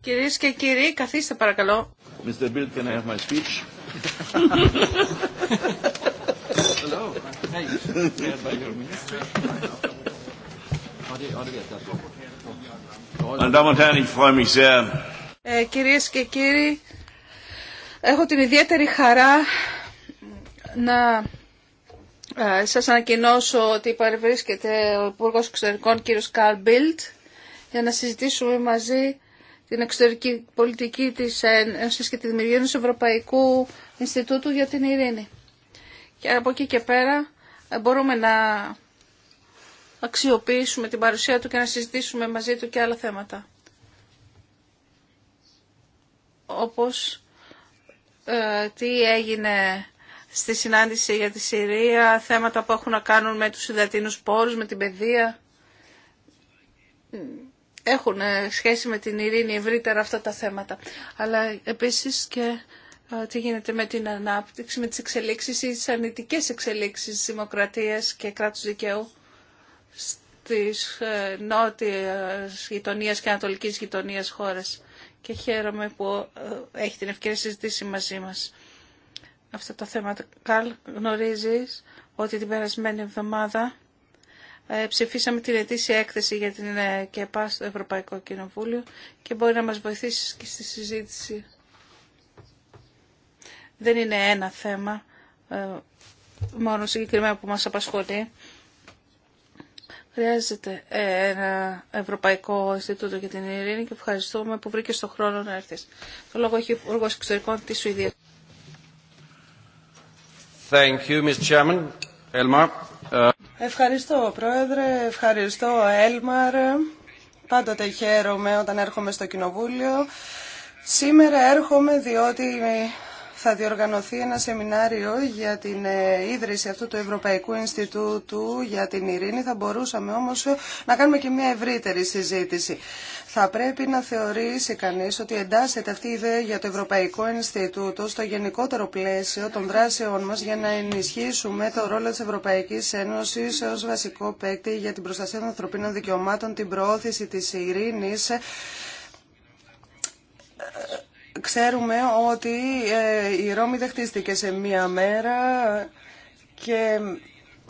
Κυρίες και κύριοι, καθίστε παρακαλώ. Mr. Bill, can have ε, και κύριοι, έχω την ιδιαίτερη χαρά να ε, σας ανακοινώσω ότι παρευρίσκεται ο Υπουργό Εξωτερικών κ. Καρλ Μπίλτ για να συζητήσουμε μαζί την εξωτερική πολιτική της Ένωση και τη δημιουργία του Ευρωπαϊκού Ινστιτούτου για την Ειρήνη. Και από εκεί και πέρα ε, μπορούμε να αξιοποιήσουμε την παρουσία του και να συζητήσουμε μαζί του και άλλα θέματα. Όπως ε, τι έγινε στη συνάντηση για τη Συρία, θέματα που έχουν να κάνουν με τους υδατίνους πόρους, με την παιδεία. Έχουν ε, σχέση με την ειρήνη ευρύτερα αυτά τα θέματα. Αλλά επίσης και ε, τι γίνεται με την ανάπτυξη, με τις εξελίξεις ή τις αρνητικές εξελίξεις της δημοκρατίας και κράτους δικαιού στις ε, νότιες γειτονίες και ανατολικής γειτονίας χώρες. Και χαίρομαι που έχει την ευκαιρία συζητήσει μαζί μας αυτά τα θέματα. Καλ, γνωρίζεις ότι την περασμένη εβδομάδα ε, ψηφίσαμε την ετήσια έκθεση για την ε, ΚΕΠΑ στο Ευρωπαϊκό Κοινοβούλιο και μπορεί να μας βοηθήσει και στη συζήτηση. Δεν είναι ένα θέμα, ε, μόνο συγκεκριμένα που μας απασχολεί. Χρειάζεται ένα Ευρωπαϊκό Ινστιτούτο για την Ειρήνη και ευχαριστούμε που βρήκε στον χρόνο να έρθει Το λόγο έχει ο Υπουργό Εξωτερικών τη Σουηδία. Uh, Ευχαριστώ, Πρόεδρε. Ευχαριστώ, Έλμαρ. Πάντοτε χαίρομαι όταν έρχομαι στο Κοινοβούλιο. Σήμερα έρχομαι διότι θα διοργανωθεί ένα σεμινάριο για την ε, ίδρυση αυτού του Ευρωπαϊκού Ινστιτούτου για την Ειρήνη. Θα μπορούσαμε όμως να κάνουμε και μια ευρύτερη συζήτηση. Θα πρέπει να θεωρήσει κανείς ότι εντάσσεται αυτή η ιδέα για το Ευρωπαϊκό Ινστιτούτο στο γενικότερο πλαίσιο των δράσεών μας για να ενισχύσουμε το ρόλο της Ευρωπαϊκής Ένωσης ως βασικό παίκτη για την προστασία των ανθρωπίνων δικαιωμάτων, την προώθηση της ειρήνης, Ξέρουμε ότι ε, η Ρώμη δεν χτίστηκε σε μία μέρα και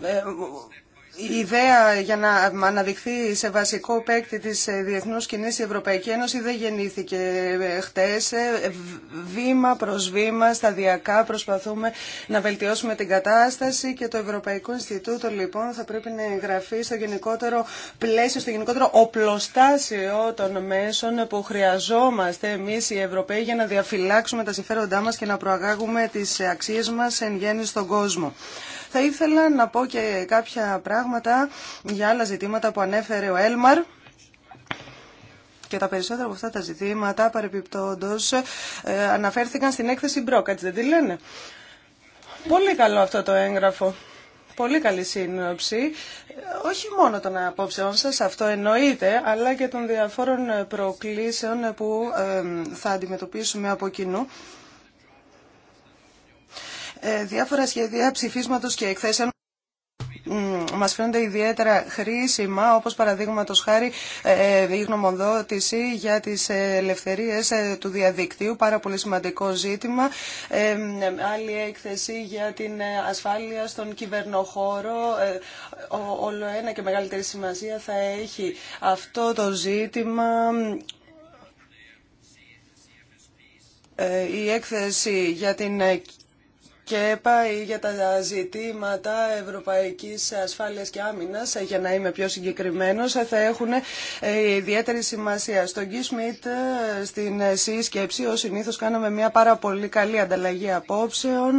ε, η ιδέα για να αναδειχθεί σε βασικό παίκτη της ε, Διεθνού κοινή η Ευρωπαϊκή Ένωση δεν γεννήθηκε ε, χτε. Ε, βήμα προ βήμα, σταδιακά προσπαθούμε να βελτιώσουμε την κατάσταση και το Ευρωπαϊκό Ινστιτούτο λοιπόν θα πρέπει να εγγραφεί στο γενικότερο πλαίσιο, στο γενικότερο οπλοστάσιο των μέσων που χρειαζόμαστε εμεί, οι Ευρωπαίοι για να διαφυλάξουμε τα συμφέροντά μα και να προαγάγουμε τι αξίε μα εν γέννη στον κόσμο. Θα ήθελα να πω και κάποια πράγματα για άλλα ζητήματα που ανέφερε ο Έλμαρ. Και τα περισσότερα από αυτά τα ζητήματα, παρεπιπτόντως, ε, αναφέρθηκαν στην έκθεση Μπρόκατς, δεν τη λένε. Πολύ καλό αυτό το έγγραφο. Πολύ καλή σύνοψη, όχι μόνο των απόψεών σας, αυτό εννοείται, αλλά και των διαφόρων προκλήσεων που ε, θα αντιμετωπίσουμε από κοινού. Ε, διάφορα σχέδια ψηφίσματος και εκθέσεων μας φαίνονται ιδιαίτερα χρήσιμα, όπως παραδείγματος χάρη ε, ε, η γνωμοδότηση για τις ελευθερίες του διαδικτύου, πάρα πολύ σημαντικό ζήτημα. Άλλη έκθεση για την ασφάλεια στον κυβερνοχώρο. Όλο ένα και μεγαλύτερη σημασία θα έχει αυτό το ζήτημα. Η έκθεση για την και πάει για τα ζητήματα ευρωπαϊκής Ασφάλεια και άμυνας, ε, για να είμαι πιο συγκεκριμένος, ε, θα έχουν ε, ιδιαίτερη σημασία. Στον Σμιτ, στην σύσκεψη, ω συνήθω κάναμε μια πάρα πολύ καλή ανταλλαγή απόψεων.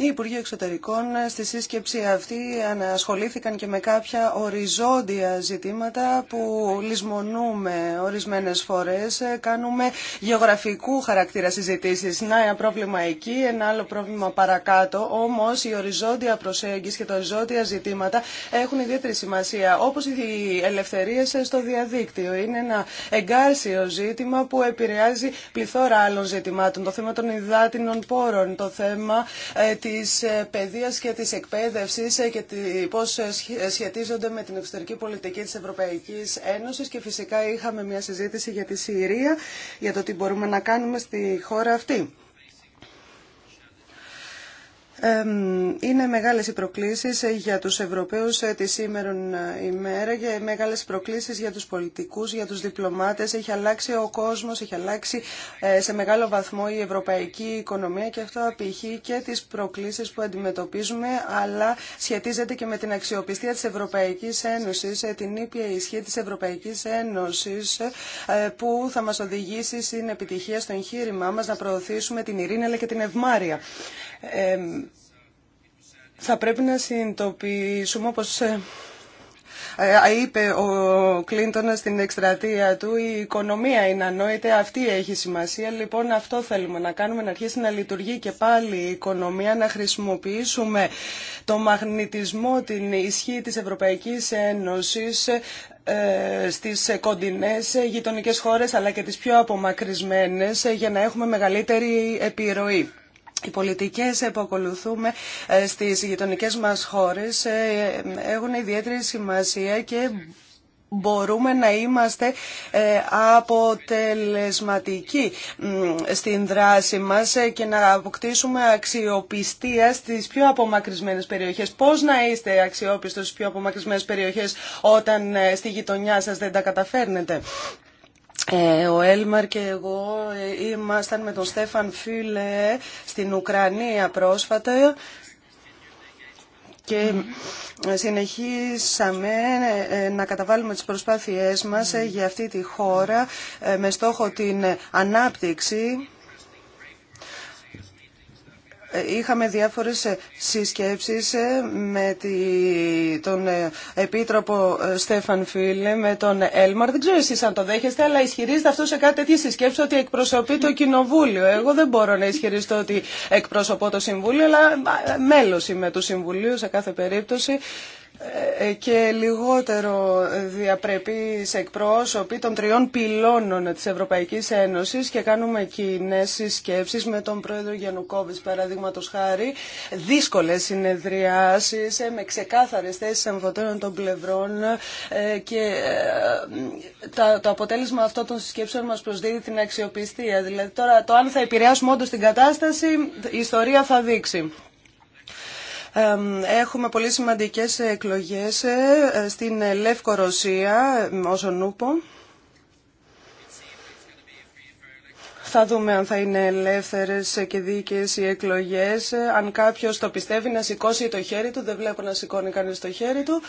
Οι Υπουργοί Εξωτερικών ε, στη σύσκεψη αυτή ανασχολήθηκαν και με κάποια οριζόντια ζητήματα που λησμονούμε ορισμένες φορές. Ε, κάνουμε γεωγραφικού χαρακτήρα συζητήσεις. Να, ένα πρόβλημα εκεί, ένα άλλο πρόβλημα παρακάτω. Όμως η οριζόντια προσέγγιση και τα οριζόντια ζητήματα έχουν ιδιαίτερη σημασία. Όπως οι ελευθερίες στο διαδίκτυο. Είναι ένα εγκάρσιο ζήτημα που επηρεάζει πληθώρα άλλων ζητημάτων. Το θέμα των υδάτινων πόρων, το θέμα ε, της ε, παιδείας και της εκπαίδευσης ε, και πώς ε, σχετίζονται με την εξωτερική πολιτική της Ευρωπαϊκής Ένωσης και φυσικά είχαμε μια συζήτηση για τη Συρία, για το τι μπορούμε να κάνουμε στη χώρα αυτή. Είναι μεγάλες οι προκλήσεις ε, για τους Ευρωπαίους ε, τη σήμερα ε, ημέρα και μεγάλες προκλήσεις για τους πολιτικούς, για τους διπλωμάτες. Έχει αλλάξει ο κόσμος, έχει αλλάξει σε μεγάλο βαθμό η ευρωπαϊκή οικονομία και αυτό απηχεί και τις προκλήσεις που αντιμετωπίζουμε αλλά σχετίζεται και με την αξιοπιστία της Ευρωπαϊκής Ένωσης, την ήπια ισχύ της Ευρωπαϊκής Ένωσης που θα μας οδηγήσει στην επιτυχία στο εγχείρημά μας να προωθήσουμε την ειρήνη αλλά και την ευμάρεια. Θα πρέπει να συνειδητοποιήσουμε, όπως ε, ε, είπε ο Κλίντον στην εκστρατεία του, η οικονομία είναι ανόητη, αυτή έχει σημασία. Λοιπόν, αυτό θέλουμε να κάνουμε, να αρχίσει να λειτουργεί και πάλι η οικονομία, να χρησιμοποιήσουμε το μαγνητισμό, την ισχύ της Ευρωπαϊκής Ένωσης ε, στις κοντινές γειτονικές χώρες αλλά και τις πιο απομακρυσμένες για να έχουμε μεγαλύτερη επιρροή. Οι πολιτικές που ακολουθούμε ε, στις γειτονικές μας χώρες ε, έχουν ιδιαίτερη σημασία και μπορούμε να είμαστε ε, αποτελεσματικοί στην δράση μας και να αποκτήσουμε αξιοπιστία στις πιο απομακρυσμένες περιοχές. Πώς να είστε αξιόπιστος στις πιο απομακρυσμένες περιοχές όταν στη γειτονιά σας δεν τα καταφέρνετε. Ε, ο Έλμαρ και εγώ ε, ήμασταν με τον Στέφαν Φίλε στην Ουκρανία πρόσφατα και συνεχίσαμε ε, να καταβάλουμε τις προσπάθειές μας για αυτή τη χώρα με στόχο την ανάπτυξη Είχαμε διάφορες ε, συσκέψεις ε, με τον ε, Επίτροπο Στέφαν Φίλε, με τον Έλμαρ. Δεν ξέρω εσείς αν το δέχεστε, αλλά ισχυρίζεται αυτό σε κάτι τέτοιες συσκέψεις ότι εκπροσωπεί το Κοινοβούλιο. Εγώ δεν μπορώ να ισχυριστώ ότι εκπροσωπώ το Συμβούλιο, αλλά μέλος είμαι του Συμβουλίου σε κάθε περίπτωση. Ε, ε, και λιγότερο σε εκπρόσωποι των τριών πυλώνων της Ευρωπαϊκής Ένωσης και κάνουμε κοινέ συσκέψεις με τον πρόεδρο Γιαννουκόβης παραδείγματο χάρη, δύσκολες συνεδριάσεις ε, με ξεκάθαρες θέσεις εμφωτέρων των πλευρών και το αποτέλεσμα αυτών των συσκέψεων μας προσδίδει την αξιοπιστία. Δηλαδή τώρα το αν θα επηρεάσουμε όντω την κατάσταση η ιστορία θα δείξει. Έχουμε πολύ σημαντικές εκλογές ε, στην Λευκορωσία, όσον νούπο. Θα δούμε αν θα είναι ελεύθερες και δίκαιες οι εκλογές. Αν κάποιος το πιστεύει να σηκώσει το χέρι του, δεν βλέπω να σηκώνει κανείς το χέρι του.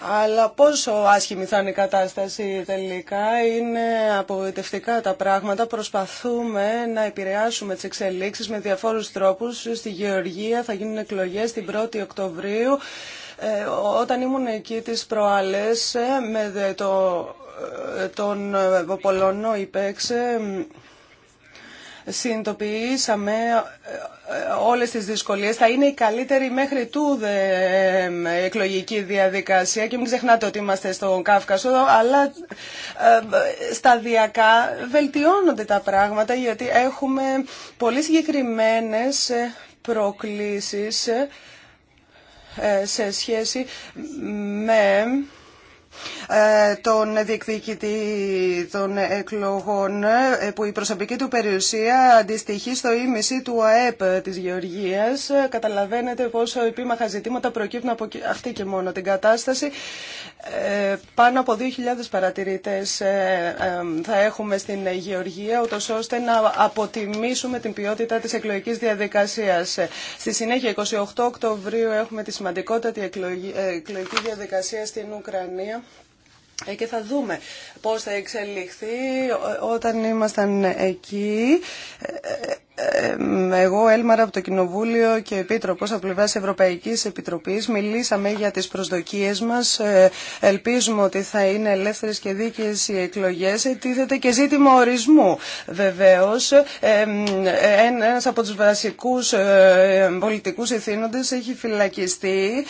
Αλλά πόσο άσχημη θα είναι η κατάσταση τελικά, είναι απογοητευτικά τα πράγματα. Προσπαθούμε να επηρεάσουμε τις εξελίξεις με διαφόρους τρόπους. Στη Γεωργία θα γίνουν εκλογές την 1η Οκτωβρίου. Ε, όταν ήμουν εκεί τις προάλλες ε, με το, ε, τον Πολωνό υπέξε συνειδητοποιήσαμε ε, ε, όλες τις δυσκολίες. Θα είναι η καλύτερη μέχρι τούδε εκλογική διαδικασία και μην ξεχνάτε ότι είμαστε στον Κάφκασο, αλλά ε, σταδιακά βελτιώνονται τα πράγματα γιατί έχουμε πολύ συγκεκριμένες προκλήσεις σε σχέση με ε, τον διεκδικητή των εκλογών ε, που η προσωπική του περιουσία αντιστοιχεί στο ίμιση του ΑΕΠ της Γεωργίας. Ε, καταλαβαίνετε πόσο επίμαχα ζητήματα προκύπτουν από αυτή και μόνο την κατάσταση. Πάνω από 2.000 παρατηρητές θα έχουμε στην Γεωργία, ούτως ώστε να αποτιμήσουμε την ποιότητα της εκλογικής διαδικασίας. Στη συνέχεια, 28 Οκτωβρίου, έχουμε τη σημαντικότητα τη εκλογική διαδικασία στην Ουκρανία ε, και θα δούμε πώς θα εξελιχθεί όταν ήμασταν εκεί. Ε, ε, εγώ, Έλμαρα, από το Κοινοβούλιο και Επίτροπος από πλευράς Ευρωπαϊκής Επιτροπής μιλήσαμε για τις προσδοκίες μας. Ελπίζουμε ότι θα είναι ελεύθερες και δίκαιες οι εκλογές. Ετίθεται και ζήτημα ορισμού, βεβαίως. Ένας από τους βασικούς πολιτικούς ηθήνοντες έχει φυλακιστεί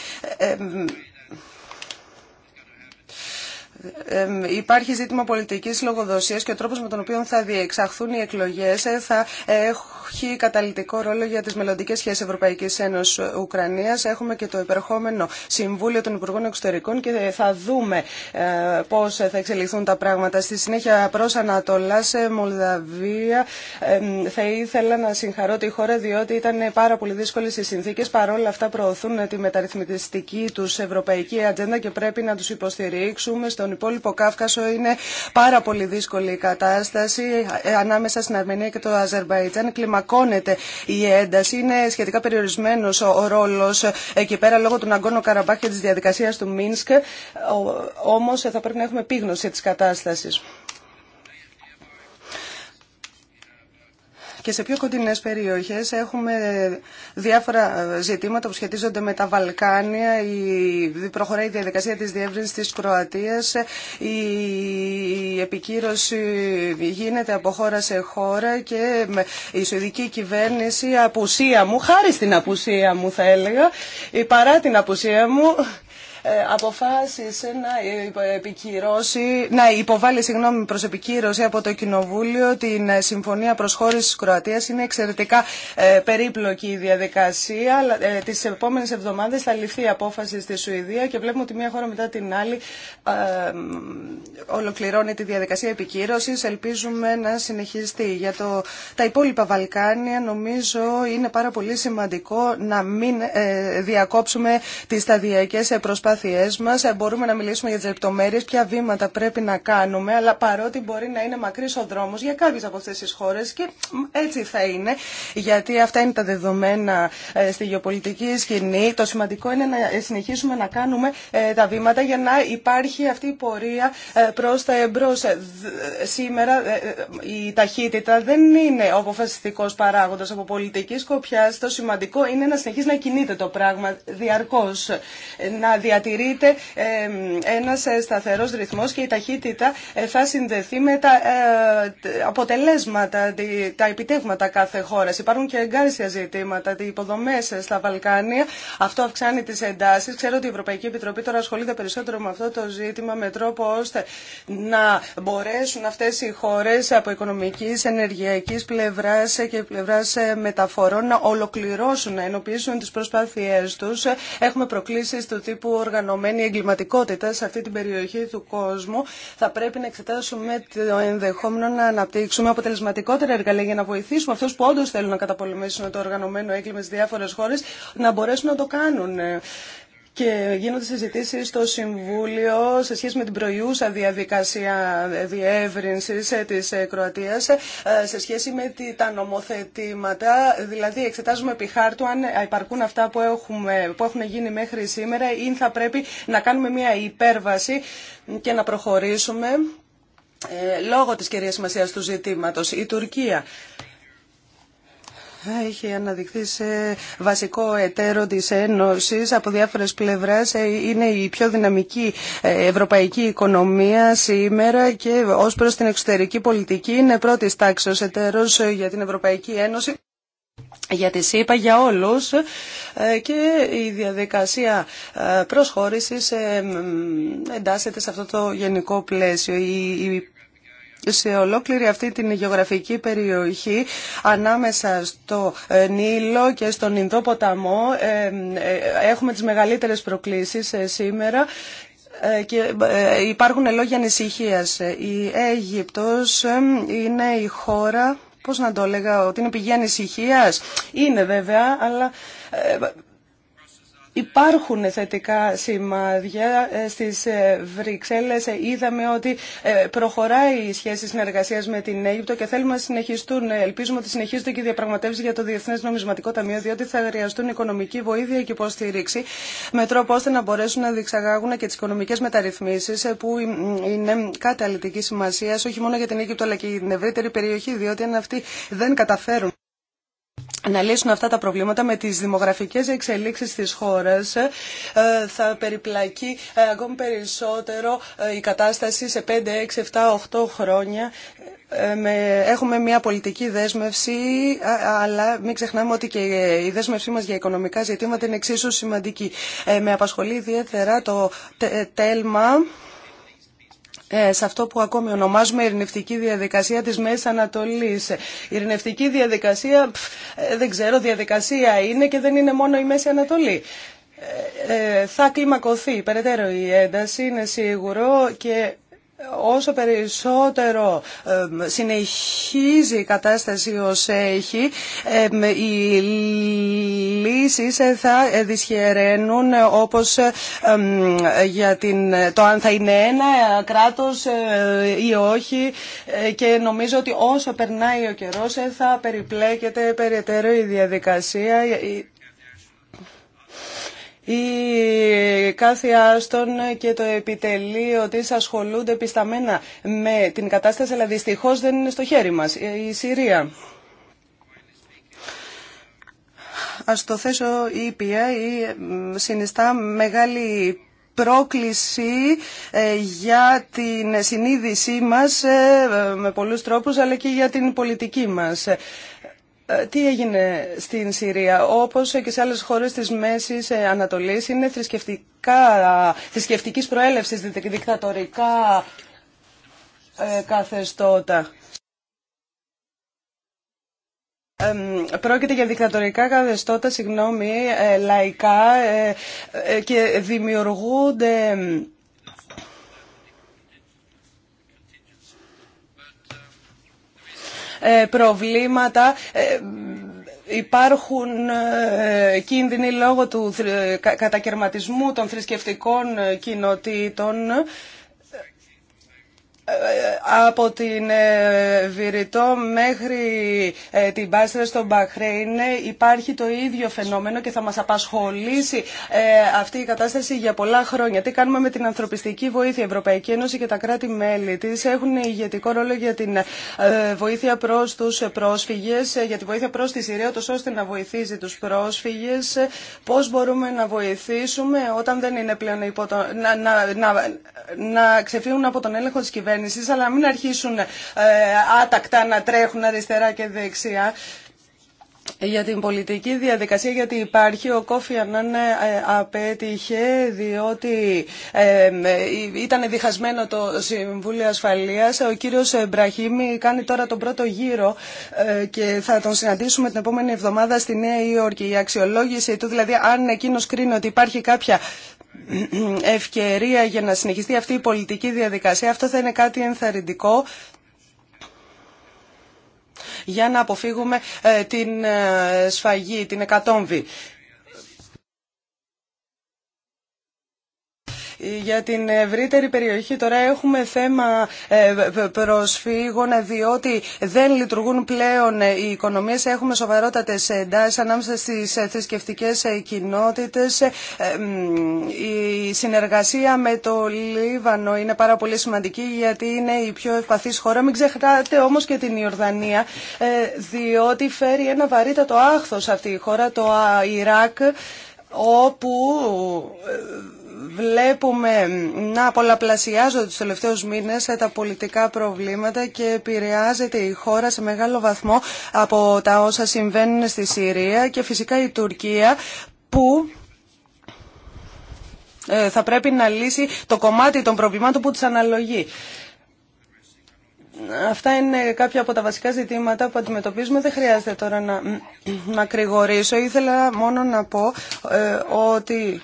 υπάρχει ζήτημα πολιτικής λογοδοσίας και ο τρόπος με τον οποίο θα διεξαχθούν οι εκλογές ε, θα έχει καταλητικό ρόλο για τις μελλοντικέ σχέσεις Ευρωπαϊκής Ένωσης Ουκρανίας. Έχουμε και το υπερχόμενο Συμβούλιο των Υπουργών Εξωτερικών και θα δούμε ε, πώς θα εξελιχθούν τα πράγματα. Στη συνέχεια προς Ανατολά σε Μολδαβία θα ήθελα να συγχαρώ τη χώρα διότι ήταν πάρα πολύ δύσκολε οι συνθήκες. Παρόλα αυτά προωθούν τη μεταρρυθμιστική τους ευρωπαϊκή ατζέντα και πρέπει να τους υποστηρίξουμε στον υπόλοιπο Κάφκασο είναι πάρα πολύ δύσκολη η κατάσταση. Ε, ανάμεσα στην Αρμενία και το Αζερβαϊτζάν κλιμακώνεται η ένταση. Είναι σχετικά περιορισμένο ο ρόλο εκεί πέρα λόγω του Ναγκόνο Καραμπάχ και τη διαδικασία του Μίνσκ. Όμω ε, θα πρέπει να έχουμε πείγνωση τη κατάσταση. Και σε πιο κοντινές περιοχές έχουμε διάφορα ζητήματα που σχετίζονται με τα Βαλκάνια, η... προχωράει η διαδικασία της διεύρυνσης της Κροατίας, η, επικύρωση γίνεται από χώρα σε χώρα και η Σουηδική κυβέρνηση, απουσία μου, χάρη στην απουσία μου θα έλεγα, παρά την απουσία μου, ε, αποφάσισε να επικυρώσει, να υποβάλει συγγνώμη προς επικύρωση από το Κοινοβούλιο την ε, Συμφωνία Προσχώρησης της Κροατίας. Είναι εξαιρετικά ε, περίπλοκη η διαδικασία, αλλά τις επόμενες εβδομάδες θα ληφθεί η απόφαση στη Σουηδία και βλέπουμε ότι μία χώρα μετά την άλλη ολοκληρώνει τη διαδικασία επικύρωσης. Ελπίζουμε να συνεχιστεί. Για το, τα υπόλοιπα Βαλκάνια νομίζω είναι πάρα πολύ σημαντικό να μην διακόψουμε τις σταδιακές προσπάθειες ε, μπορούμε να μιλήσουμε για τι λεπτομέρειε ποια βήματα πρέπει να κάνουμε, αλλά παρότι μπορεί να είναι μακρύ ο δρόμο για κάποιε από αυτέ τι χώρε. και έτσι θα είναι, γιατί αυτά είναι τα δεδομένα ε, στη γεωπολιτική σκηνή. Το σημαντικό είναι να ε, συνεχίσουμε να κάνουμε τα βήματα για να υπάρχει αυτή η πορεία προ τα εμπρός. Σήμερα η ταχύτητα δεν είναι ο αποφασιστικό παράγοντας από πολιτική σκοπιά. Το σημαντικό είναι να συνεχίσει να κινείται το πράγμα διαρκώ να διατηρείται ένας ε, σταθερός ρυθμός και η ταχύτητα ε, θα συνδεθεί με τα ε, αποτελέσματα, τα επιτεύγματα κάθε χώρα Υπάρχουν και εγκάρσια ζητήματα, οι υποδομές στα Βαλκάνια. Αυτό αυξάνει τις εντάσεις. Ξέρω ότι η Ευρωπαϊκή Επιτροπή τώρα ασχολείται περισσότερο με αυτό το ζήτημα με τρόπο ώστε να μπορέσουν αυτές οι χώρες από οικονομικής, ενεργειακής πλευράς και πλευράς μεταφορών να ολοκληρώσουν, να ενοποιήσουν τις προσπάθειές τους. Έχουμε προκλήσεις του τύπου οργανωμένη εγκληματικότητα σε αυτή την περιοχή του κόσμου. Θα πρέπει να εξετάσουμε το ενδεχόμενο να αναπτύξουμε αποτελεσματικότερα εργαλεία για να βοηθήσουμε αυτού που όντω θέλουν να καταπολεμήσουν το οργανωμένο έγκλημα στι διάφορε χώρε να μπορέσουν να το κάνουν και γίνονται συζητήσει στο Συμβούλιο σε σχέση με την προϊούσα διαδικασία διεύρυνση ε, τη ε, Κροατία ε, σε σχέση με τα νομοθετήματα. Δηλαδή, εξετάζουμε επί χάρτου αν υπαρκούν αυτά που, έχουμε, που έχουν γίνει μέχρι σήμερα ή θα πρέπει να κάνουμε μια υπέρβαση και να προχωρήσουμε λόγω της κυρίας σημασίας του ζητήματος. Η Τουρκία έχει αναδειχθεί σε βασικό εταίρο της Ένωσης από διάφορες πλευρές. Ε, είναι η πιο δυναμική ε, ευρωπαϊκή οικονομία σήμερα και ως προς την εξωτερική πολιτική είναι πρώτης τάξης εταίρος ε, για την Ευρωπαϊκή Ένωση για τη ΣΥΠΑ, για όλους και η διαδικασία προσχώρησης εντάσσεται σε αυτό το γενικό πλαίσιο σε ολόκληρη αυτή την γεωγραφική περιοχή ανάμεσα στο ε, Νείλο και στον Ινδόποταμό, ε, ε, έχουμε τις μεγαλύτερες προκλήσεις σήμερα και υπάρχουν λόγια ανησυχίας. Η Αίγυπτος είναι η χώρα, πώς να το έλεγα, ότι είναι πηγή ανησυχίας. Είναι βέβαια, αλλά Υπάρχουν θετικά σημάδια ε, στις ε, Βρυξέλλες. Ε, είδαμε ότι προχωράει η σχέση συνεργασίας με την Αίγυπτο και θέλουμε να συνεχιστούν. Ελπίζουμε ότι συνεχίζονται και οι διαπραγματεύσεις για το Διεθνές Νομισματικό Ταμείο, διότι θα χρειαστούν οικονομική βοήθεια και υποστήριξη, με τρόπο ώστε να μπορέσουν να διεξαγάγουν και τις οικονομικές μεταρρυθμίσεις που είναι καταλητική σημασία, όχι μόνο για την Αίγυπτο αλλά και για την ευρύτερη περιοχή, διότι αν αυτοί δεν καταφέρουν να λύσουν αυτά τα προβλήματα με τις δημογραφικές εξελίξεις της χώρας ε, θα περιπλακεί ε, ακόμη περισσότερο ε, η κατάσταση σε 5, 6, 7, 8 χρόνια. Έχουμε μια πολιτική δέσμευση, αλλά μην ξεχνάμε ότι και η δέσμευσή μας για οικονομικά ζητήματα είναι εξίσου σημαντική. Με απασχολεί ιδιαίτερα το τέλμα ε, σε αυτό που ακόμη ονομάζουμε ειρηνευτική διαδικασία της Μέσης Ανατολής. Η ε, ειρηνευτική διαδικασία, ε, δεν ξέρω, διαδικασία είναι και δεν είναι μόνο η Μέση Ανατολή. Ε, θα κλιμακωθεί περαιτέρω η ένταση, είναι σίγουρο και όσο περισσότερο συνεχίζει η κατάσταση ως έχει, οι λύσεις ε, θα δυσχεραίνουν όπως για την, το αν θα είναι ένα κράτος ε, ή όχι ε, και νομίζω ότι όσο περνάει ο καιρός θα περιπλέκεται περαιτέρω η διαδικασία η κάθε Άστον και το επιτελείο της ασχολούνται πισταμένα με την κατάσταση, αλλά δυστυχώ δεν είναι στο χέρι μας η Συρία. Ας το θέσω ήπια ή συνιστά μεγάλη πρόκληση ε, για την συνείδησή μας ε, με πολλούς τρόπους αλλά και για την πολιτική μας. Ε, τι έγινε στην Συρία. Όπως και σε άλλες χώρες της Μέσης ε, Ανατολής είναι θρησκευτικά, θρησκευτικής προέλευσης δικτατορικά ε, καθεστώτα. Πρόκειται για δικτατορικά καθεστώτα, συγγνώμη, λαϊκά και δημιουργούνται Ε, προβλήματα ε, υπάρχουν ε, κίνδυνοι λόγω του κατακαιρματισμού των θρησκευτικών κοινοτήτων από την ε, Βηρητό μέχρι ε, την Πάστρα στο Μπαχρέιν ε, υπάρχει το ίδιο φαινόμενο και θα μας απασχολήσει αυτή η κατάσταση για πολλά χρόνια. Τι κάνουμε με την ανθρωπιστική βοήθεια. Η Ευρωπαϊκή Ένωση και τα κράτη-μέλη της έχουν ηγετικό ρόλο για την βοήθεια προς τους πρόσφυγες, για τη βοήθεια προς τη Συρία, ώστε να βοηθήσει τους πρόσφυγες. Πώς μπορούμε να βοηθήσουμε όταν δεν είναι πλέον υπό να, να, να, ξεφύγουν από τον έλεγχο τη κυβέρνηση κυβέρνηση, αλλά μην αρχίσουν ε, άτακτα να τρέχουν αριστερά και δεξιά. Για την πολιτική διαδικασία, γιατί υπάρχει, ο Κόφι Ανάν ε, απέτυχε διότι ε, ήταν διχασμένο το Συμβούλιο Ασφαλείας. Ο κύριος Μπραχήμι κάνει τώρα τον πρώτο γύρο και θα τον συναντήσουμε την επόμενη εβδομάδα στη Νέα Υόρκη. Η αξιολόγηση του, δηλαδή αν εκείνος κρίνει ότι υπάρχει κάποια ευκαιρία για να συνεχιστεί αυτή η πολιτική διαδικασία. Αυτό θα είναι κάτι ενθαρρυντικό για να αποφύγουμε ε, την ε, σφαγή, την εκατόμβη. Για την ευρύτερη περιοχή τώρα έχουμε θέμα ε, προσφύγων διότι δεν λειτουργούν πλέον οι οικονομίες. Έχουμε σοβαρότατες εντάσεις ανάμεσα στις ε, θρησκευτικέ ε, κοινότητες. Η συνεργασία με το Λίβανο είναι πάρα πολύ σημαντική γιατί είναι η πιο ευπαθής χώρα. Μην ξεχνάτε όμως και την Ιορδανία διότι φέρει ένα βαρύτατο άχθος αυτή η χώρα, το Ιράκ όπου βλέπουμε να πολλαπλασιάζονται τους τελευταίους μήνες τα πολιτικά προβλήματα και επηρεάζεται η χώρα σε μεγάλο βαθμό από τα όσα συμβαίνουν στη Συρία και φυσικά η Τουρκία που ε, θα πρέπει να λύσει το κομμάτι των προβλημάτων που τις αναλογεί. Αυτά είναι κάποια από τα βασικά ζητήματα που αντιμετωπίζουμε. Δεν χρειάζεται τώρα να, κρηγορήσω. Ήθελα μόνο να πω ε, ότι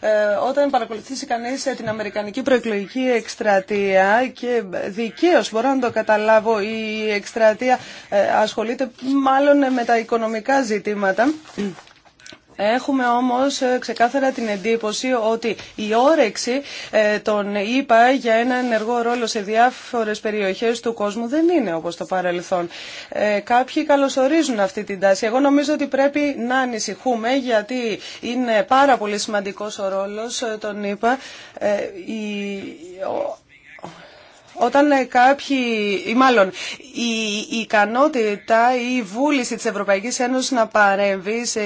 Ε, όταν παρακολουθήσει κανείς ε, την Αμερικανική προεκλογική εκστρατεία και ε, δικαίως μπορώ να το καταλάβω η εκστρατεία ασχολείται μάλλον με τα οικονομικά ζητήματα Έχουμε όμως ε, ξεκάθαρα την εντύπωση ότι η όρεξη ε, των ΙΠΑ για ένα ενεργό ρόλο σε διάφορες περιοχές του κόσμου δεν είναι όπως το παρελθόν. Ε, κάποιοι καλωσορίζουν αυτή την τάση. Εγώ νομίζω ότι πρέπει να ανησυχούμε γιατί είναι πάρα πολύ σημαντικό ο ρόλος των ΙΠΑ. Όταν ε, κάποιοι, ή μάλλον η ικανότητα ή η βούληση της Ευρωπαϊκής Ένωσης να παρέμβει σε,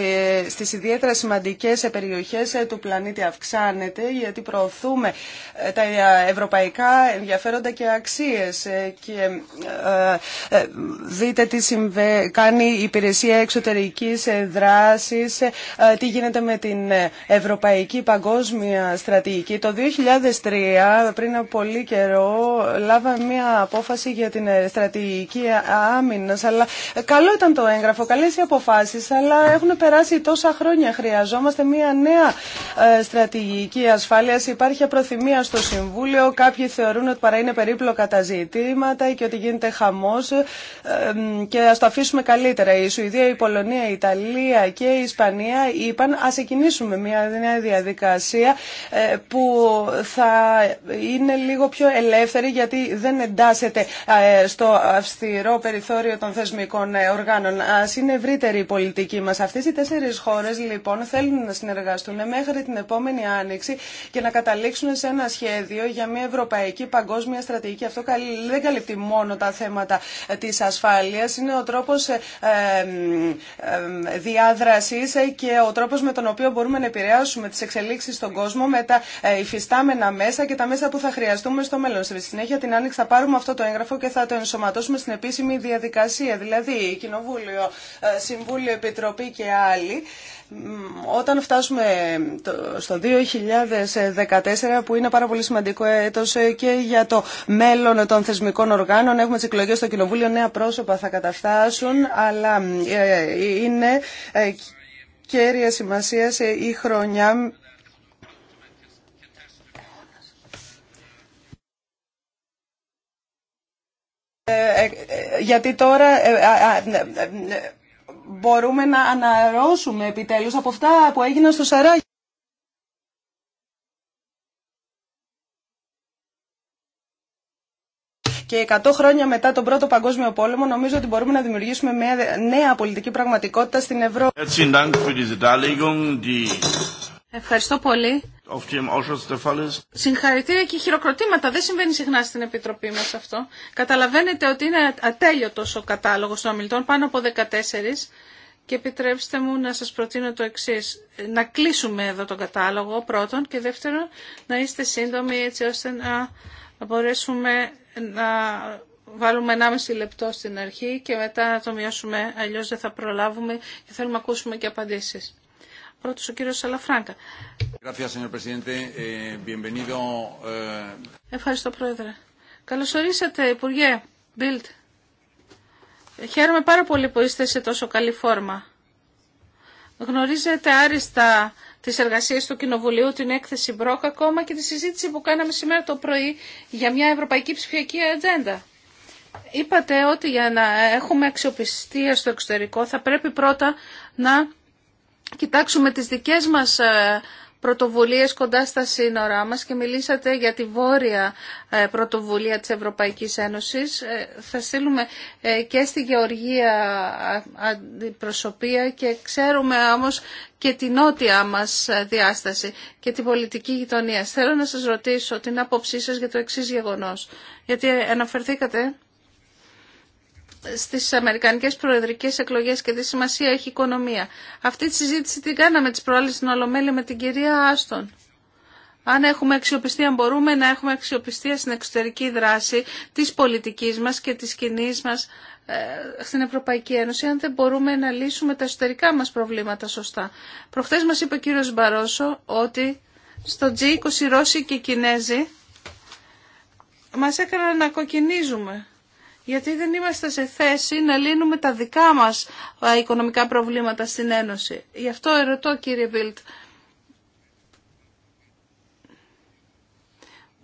στις ιδιαίτερα σημαντικές ε, περιοχές ε, του πλανήτη αυξάνεται γιατί προωθούμε τα ευρωπαϊκά ενδιαφέροντα και αξίες και δείτε τι κάνει η υπηρεσία εξωτερικής δράσης, τι γίνεται με την Ευρωπαϊκή Παγκόσμια Στρατηγική. Το 2003, πριν από πολύ καιρό, λάβαμε μία απόφαση για την ε, στρατηγική άμυνα. Αλλά ε, καλό ήταν το έγγραφο, καλέ οι αποφάσει, αλλά έχουν περάσει τόσα χρόνια. Χρειαζόμαστε μία νέα ε, στρατηγική ασφάλεια. Υπάρχει απροθυμία στο Συμβούλιο. Κάποιοι θεωρούν ότι παρά είναι περίπλοκα τα ζητήματα και ότι γίνεται χαμό. Και α το αφήσουμε καλύτερα. Η Σουηδία, η Πολωνία, η Ιταλία και η Ισπανία είπαν α ξεκινήσουμε μία νέα διαδικασία που θα είναι λίγο πιο ελεύθερη για γιατί δεν εντάσσεται ε, στο αυστηρό περιθώριο των θεσμικών ε, οργάνων. Α είναι ευρύτερη η πολιτική μα. Αυτέ οι τέσσερι χώρε λοιπόν θέλουν να συνεργαστούν μέχρι την επόμενη άνοιξη και να καταλήξουν σε ένα σχέδιο για μια ευρωπαϊκή παγκόσμια στρατηγική. Αυτό δεν καλύπτει μόνο τα θέματα ε, τη ασφάλεια. Είναι ο τρόπο διάδραση και ο τρόπο με τον οποίο μπορούμε να επηρεάσουμε τι εξελίξει στον κόσμο με τα υφιστάμενα μέσα και τα μέσα που θα χρειαστούμε στο μέλλον. Στη συνέχεια την Άνοιξη θα πάρουμε αυτό το έγγραφο και θα το ενσωματώσουμε στην επίσημη διαδικασία. Δηλαδή, Κοινοβούλιο, ε, Συμβούλιο, Επιτροπή και άλλοι. Όταν φτάσουμε στο 2014 που είναι πάρα πολύ σημαντικό έτος ε, και για το μέλλον των θεσμικών οργάνων έχουμε τις εκλογές στο Κοινοβούλιο, νέα πρόσωπα θα καταφτάσουν αλλά ε, είναι κέρια σημασία η χρονιά Ε, ε, γιατί τώρα ε, μπορούμε να αναρρώσουμε επιτέλους από αυτά που έγιναν στο Σαράγιο. Και 100 χρόνια μετά τον Πρώτο Παγκόσμιο Πόλεμο νομίζω ότι μπορούμε να δημιουργήσουμε μια νέα πολιτική πραγματικότητα στην Ευρώπη. Ευχαριστώ πολύ. Συγχαρητήρια και χειροκροτήματα. Δεν συμβαίνει συχνά στην Επιτροπή μας αυτό. Καταλαβαίνετε ότι είναι ατέλειωτος ο κατάλογος των ομιλητών, πάνω από 14. Και επιτρέψτε μου να σας προτείνω το εξής. Να κλείσουμε εδώ τον κατάλογο πρώτον και δεύτερον να είστε σύντομοι έτσι ώστε να μπορέσουμε να βάλουμε 1,5 λεπτό στην αρχή και μετά να το μειώσουμε. Αλλιώς δεν θα προλάβουμε και θέλουμε να ακούσουμε και απαντήσεις. Πρώτος ο κύριος Σαλαφράγκα. Ε, ε, Ευχαριστώ Πρόεδρε. Καλωσορίσατε, Υπουργέ Μπίλτ. Χαίρομαι πάρα πολύ που είστε σε τόσο καλή φόρμα. Γνωρίζετε άριστα τις εργασίες του Κοινοβουλίου, την έκθεση Μπρόκ ακόμα και τη συζήτηση που κάναμε σήμερα το πρωί για μια ευρωπαϊκή ψηφιακή ατζέντα. Είπατε ότι για να έχουμε αξιοπιστία στο εξωτερικό θα πρέπει πρώτα να κοιτάξουμε τις δικές μας ε, πρωτοβουλίες κοντά στα σύνορά μας και μιλήσατε για τη βόρεια ε, πρωτοβουλία της Ευρωπαϊκής Ένωσης. Ε, θα στείλουμε και στη Γεωργία αντιπροσωπεία και ξέρουμε όμως και την νότια μας διάσταση και την πολιτική γειτονία. Θέλω να σας ρωτήσω την άποψή σας για το εξής γεγονός. Γιατί αναφερθήκατε στις Αμερικανικές Προεδρικές Εκλογές και τι σημασία έχει η οικονομία. Αυτή τη συζήτηση την κάναμε τις προάλλες στην Ολομέλη με την κυρία Άστον. Αν έχουμε αξιοπιστία, αν μπορούμε να έχουμε αξιοπιστία στην εξωτερική δράση της πολιτικής μας και της κοινή μας ε, στην Ευρωπαϊκή Ένωση, αν δεν μπορούμε να λύσουμε τα εσωτερικά μας προβλήματα σωστά. Προχθές μας είπε ο κύριος Μπαρόσο ότι στο G20 Ρώσοι και Κινέζοι μας έκαναν να κοκκινίζουμε γιατί δεν είμαστε σε θέση να λύνουμε τα δικά μας οικονομικά προβλήματα στην Ένωση. Γι' αυτό ερωτώ κύριε Βίλτ,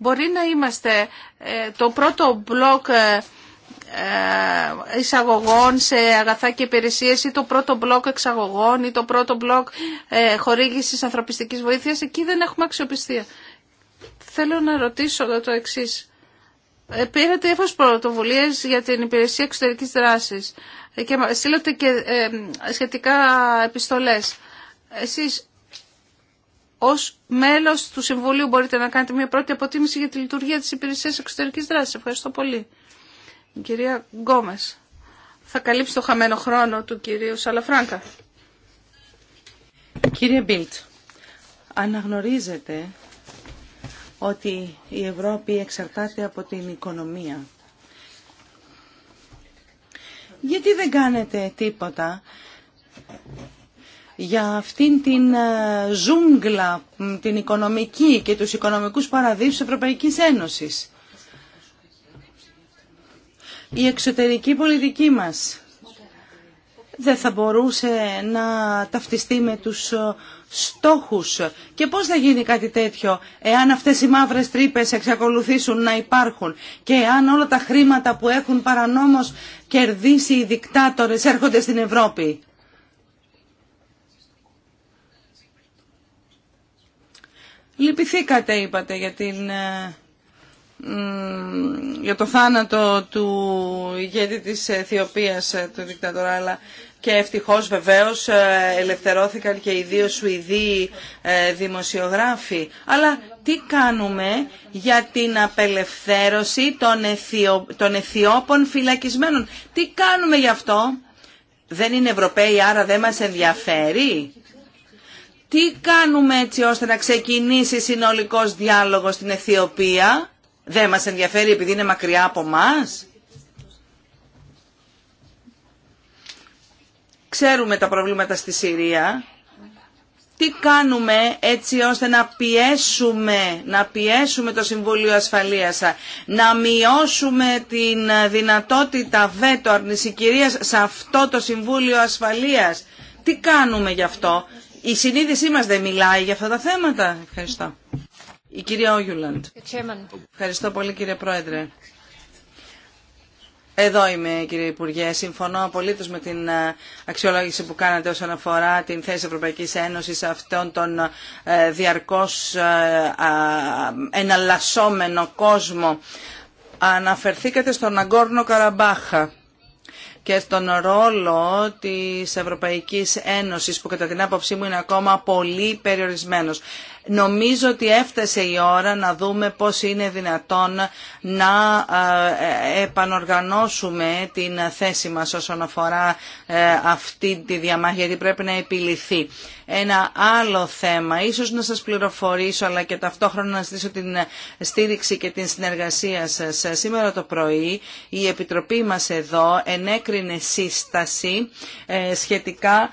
Μπορεί να είμαστε ε, το πρώτο μπλοκ ε, ε, εισαγωγών σε αγαθά και υπηρεσίες ή το πρώτο μπλοκ εξαγωγών ή το πρώτο μπλοκ χορήγησης ανθρωπιστικής βοήθειας. Εκεί δεν έχουμε αξιοπιστία. Θέλω να ρωτήσω το εξής. Πήρατε τύφος πρωτοβουλίες για την υπηρεσία εξωτερικής δράσης και στείλατε και ε, σχετικά επιστολές. Εσείς ως μέλος του Συμβουλίου μπορείτε να κάνετε μια πρώτη αποτίμηση για τη λειτουργία της υπηρεσίας εξωτερικής δράσης. Ευχαριστώ πολύ. κυρία Γκόμες. Θα καλύψει το χαμένο χρόνο του κυρίου Σαλαφράγκα. Κύριε Μπίλτ, αναγνωρίζετε ότι η Ευρώπη εξαρτάται από την οικονομία. Γιατί δεν κάνετε τίποτα για αυτήν την ε, ζούγκλα, την οικονομική και τους οικονομικούς παραδείσους Ευρωπαϊκής Ένωσης. Η εξωτερική πολιτική μας δεν θα μπορούσε να ταυτιστεί με τους ε, στόχους. Και πώς θα γίνει κάτι τέτοιο εάν αυτές οι μαύρες τρύπες εξακολουθήσουν να υπάρχουν και εάν όλα τα χρήματα που έχουν παρανόμως κερδίσει οι δικτάτορες έρχονται στην Ευρώπη. Λυπηθήκατε είπατε για, την, ε, για το θάνατο του ηγέτη της Αιθιοπίας ε, του δικτατορά, αλλά και ευτυχώς βεβαίως ε, ελευθερώθηκαν και οι δύο Σουηδοί ε, δημοσιογράφοι. Αλλά τι κάνουμε για την απελευθέρωση των, Αιθιο... των Αιθιώπων φυλακισμένων. Τι κάνουμε γι' αυτό. Δεν είναι Ευρωπαίοι άρα δεν μας ενδιαφέρει. Τι κάνουμε έτσι ώστε να ξεκινήσει συνολικός διάλογος στην Αιθιοπία. Δεν μας ενδιαφέρει επειδή είναι μακριά από μας. Ξέρουμε τα προβλήματα στη Συρία. Τι κάνουμε έτσι ώστε να πιέσουμε, να πιέσουμε το Συμβούλιο Ασφαλείας, να μειώσουμε την δυνατότητα βέτο αρνησικυρίας σε αυτό το Συμβούλιο Ασφαλείας. Τι κάνουμε γι' αυτό. Η συνείδησή μας δεν μιλάει για αυτά τα θέματα. Ευχαριστώ. Η κυρία Όγιουλαντ. Ευχαριστώ πολύ κύριε Πρόεδρε. Εδώ είμαι κύριε Υπουργέ. Συμφωνώ απολύτω με την ε, αξιολόγηση που κάνατε όσον αφορά την θέση Ευρωπαϊκή Ένωση σε αυτόν τον ε, διαρκώ ε, εναλλασσόμενο κόσμο. Αναφερθήκατε στον Αγκόρνο Καραμπάχα και στον ρόλο της Ευρωπαϊκής Ένωσης που κατά την άποψή μου είναι ακόμα πολύ περιορισμένος. Νομίζω ότι έφτασε η ώρα να δούμε πώς είναι δυνατόν να ε, ε, επανοργανώσουμε την θέση μας όσον αφορά ε, αυτή τη διαμάχη, γιατί πρέπει να επιληθεί. Ένα άλλο θέμα, ίσως να σας πληροφορήσω, αλλά και ταυτόχρονα να στήσω την στήριξη και την συνεργασία σας. Σήμερα το πρωί η Επιτροπή μας εδώ ενέκρινε σύσταση σχετικά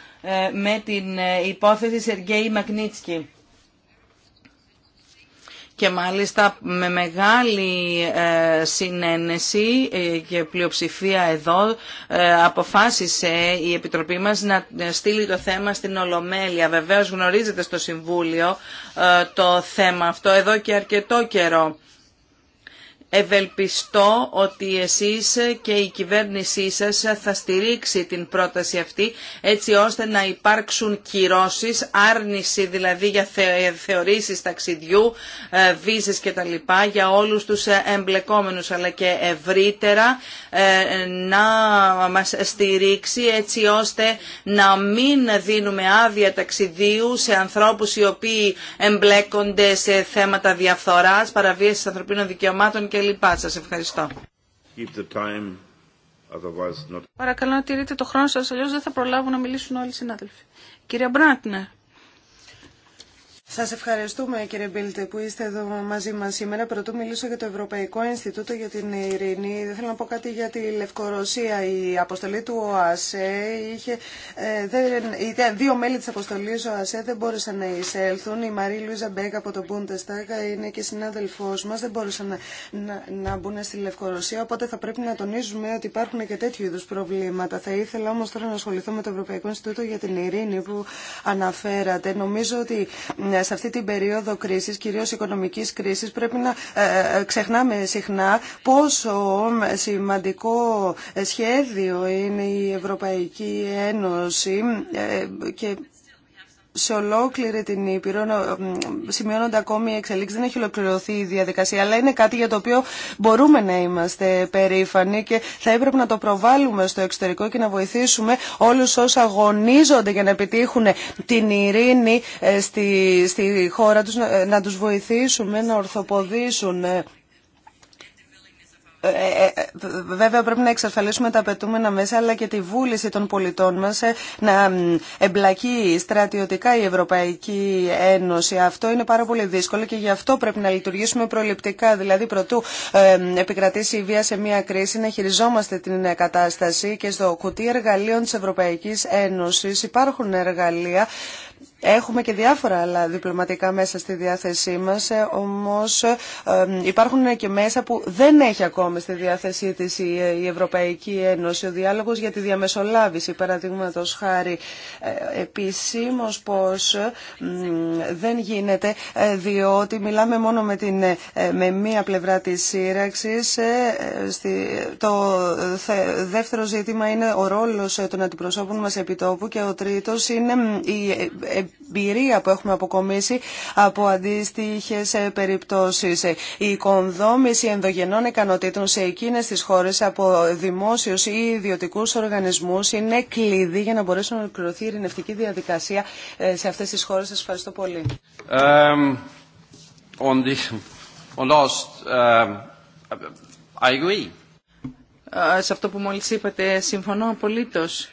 με την υπόθεση Σεργέη Μαγνίτσκι και μάλιστα με μεγάλη ε, συνένεση ε, και πλειοψηφία εδώ ε, αποφάσισε η Επιτροπή μας να στείλει το θέμα στην Ολομέλεια. Βεβαίως γνωρίζετε στο Συμβούλιο το θέμα αυτό εδώ και αρκετό καιρό. Ευελπιστώ ότι εσείς και η κυβέρνησή σας θα στηρίξει την πρόταση αυτή έτσι ώστε να υπάρξουν κυρώσεις, άρνηση δηλαδή για θεωρήσεις ταξιδιού, ε, βίζες κτλ. για όλους τους εμπλεκόμενους αλλά και ευρύτερα ε, να μας στηρίξει έτσι ώστε να μην δίνουμε άδεια ταξιδίου σε ανθρώπους οι οποίοι εμπλέκονται σε θέματα διαφθοράς, παραβίασης ανθρωπίνων δικαιωμάτων κλπ. Σας ευχαριστώ. Παρακαλώ να τηρείτε το χρόνο σας, αλλιώς δεν θα προλάβουν να μιλήσουν όλοι οι συνάδελφοι. Κυρία Μπράντνερ. Σα ευχαριστούμε κύριε Μπίλτε που είστε εδώ μαζί μα σήμερα. Πρωτού μιλήσω για το Ευρωπαϊκό Ινστιτούτο για την Ειρήνη. Δεν θέλω να πω κάτι για τη Λευκορωσία. Η αποστολή του ΟΑΣΕ είχε ε, δεν, δύο μέλη της αποστολής ΟΑΣΕ δεν μπόρεσαν να εισέλθουν. Η Μαρή Λουίζα Μπέγκα από τον Bundestag είναι και συνάδελφό μα. Δεν μπόρεσαν να, να, μπουν στη Λευκορωσία. Οπότε θα πρέπει να τονίζουμε ότι υπάρχουν και τέτοιου είδου προβλήματα. Θα ήθελα όμω τώρα να ασχοληθώ με το Ευρωπαϊκό Ινστιτούτο για την Ειρήνη που αναφέρατε. Νομίζω ότι ε, σε αυτή την περίοδο κρίσης, κυρίω οικονομικής κρίσης, πρέπει να ε, ε, ξεχνάμε συχνά πόσο σημαντικό σχέδιο είναι η Ευρωπαϊκή Ένωση ε, και σε ολόκληρη την Ήπειρο σημειώνονται ακόμη οι εξελίξεις. Δεν έχει ολοκληρωθεί η διαδικασία, αλλά είναι κάτι για το οποίο μπορούμε να είμαστε περήφανοι και θα έπρεπε να το προβάλλουμε στο εξωτερικό και να βοηθήσουμε όλους όσους αγωνίζονται για να επιτύχουν την ειρήνη ε, στη, στη χώρα τους, να τους βοηθήσουμε να ορθοποδήσουν ε, ε, ε, ε, βέβαια πρέπει να εξασφαλίσουμε τα απαιτούμενα μέσα αλλά και τη βούληση των πολιτών μας να εμπλακεί στρατιωτικά η Ευρωπαϊκή Ένωση. Αυτό είναι πάρα πολύ δύσκολο και γι' αυτό πρέπει να λειτουργήσουμε προληπτικά. Δηλαδή προτού επικρατήσει η βία σε μια κρίση να χειριζόμαστε την κατάσταση και στο κουτί εργαλείων της Ευρωπαϊκής Ένωσης υπάρχουν εργαλεία Έχουμε και διάφορα άλλα διπλωματικά μέσα στη διάθεσή μας, ε, όμως υπάρχουν και μέσα που δεν έχει ακόμα στη διάθεσή της ε, η Ευρωπαϊκή Ένωση. Ο διάλογος για τη διαμεσολάβηση, παραδείγματο χάρη, ε, επισήμως πως δεν γίνεται, διότι μιλάμε μόνο με, την, με μία πλευρά της σύραξης. Το δεύτερο ζήτημα είναι ο ρόλος των αντιπροσώπων μας επιτόπου και ο τρίτος είναι η εμπειρία που έχουμε αποκομίσει από αντίστοιχε περιπτώσει. Ε, η κονδόμηση ενδογενών ικανοτήτων σε εκείνε τι χώρε από δημόσιου ή ιδιωτικού οργανισμού είναι κλειδί για να μπορέσει να ολοκληρωθεί η ειρηνευτική διαδικασία ε, σε αυτέ τι χώρε. Σα ευχαριστώ πολύ. Um, on the, on σε αυτό που μόλις είπατε συμφωνώ απολύτως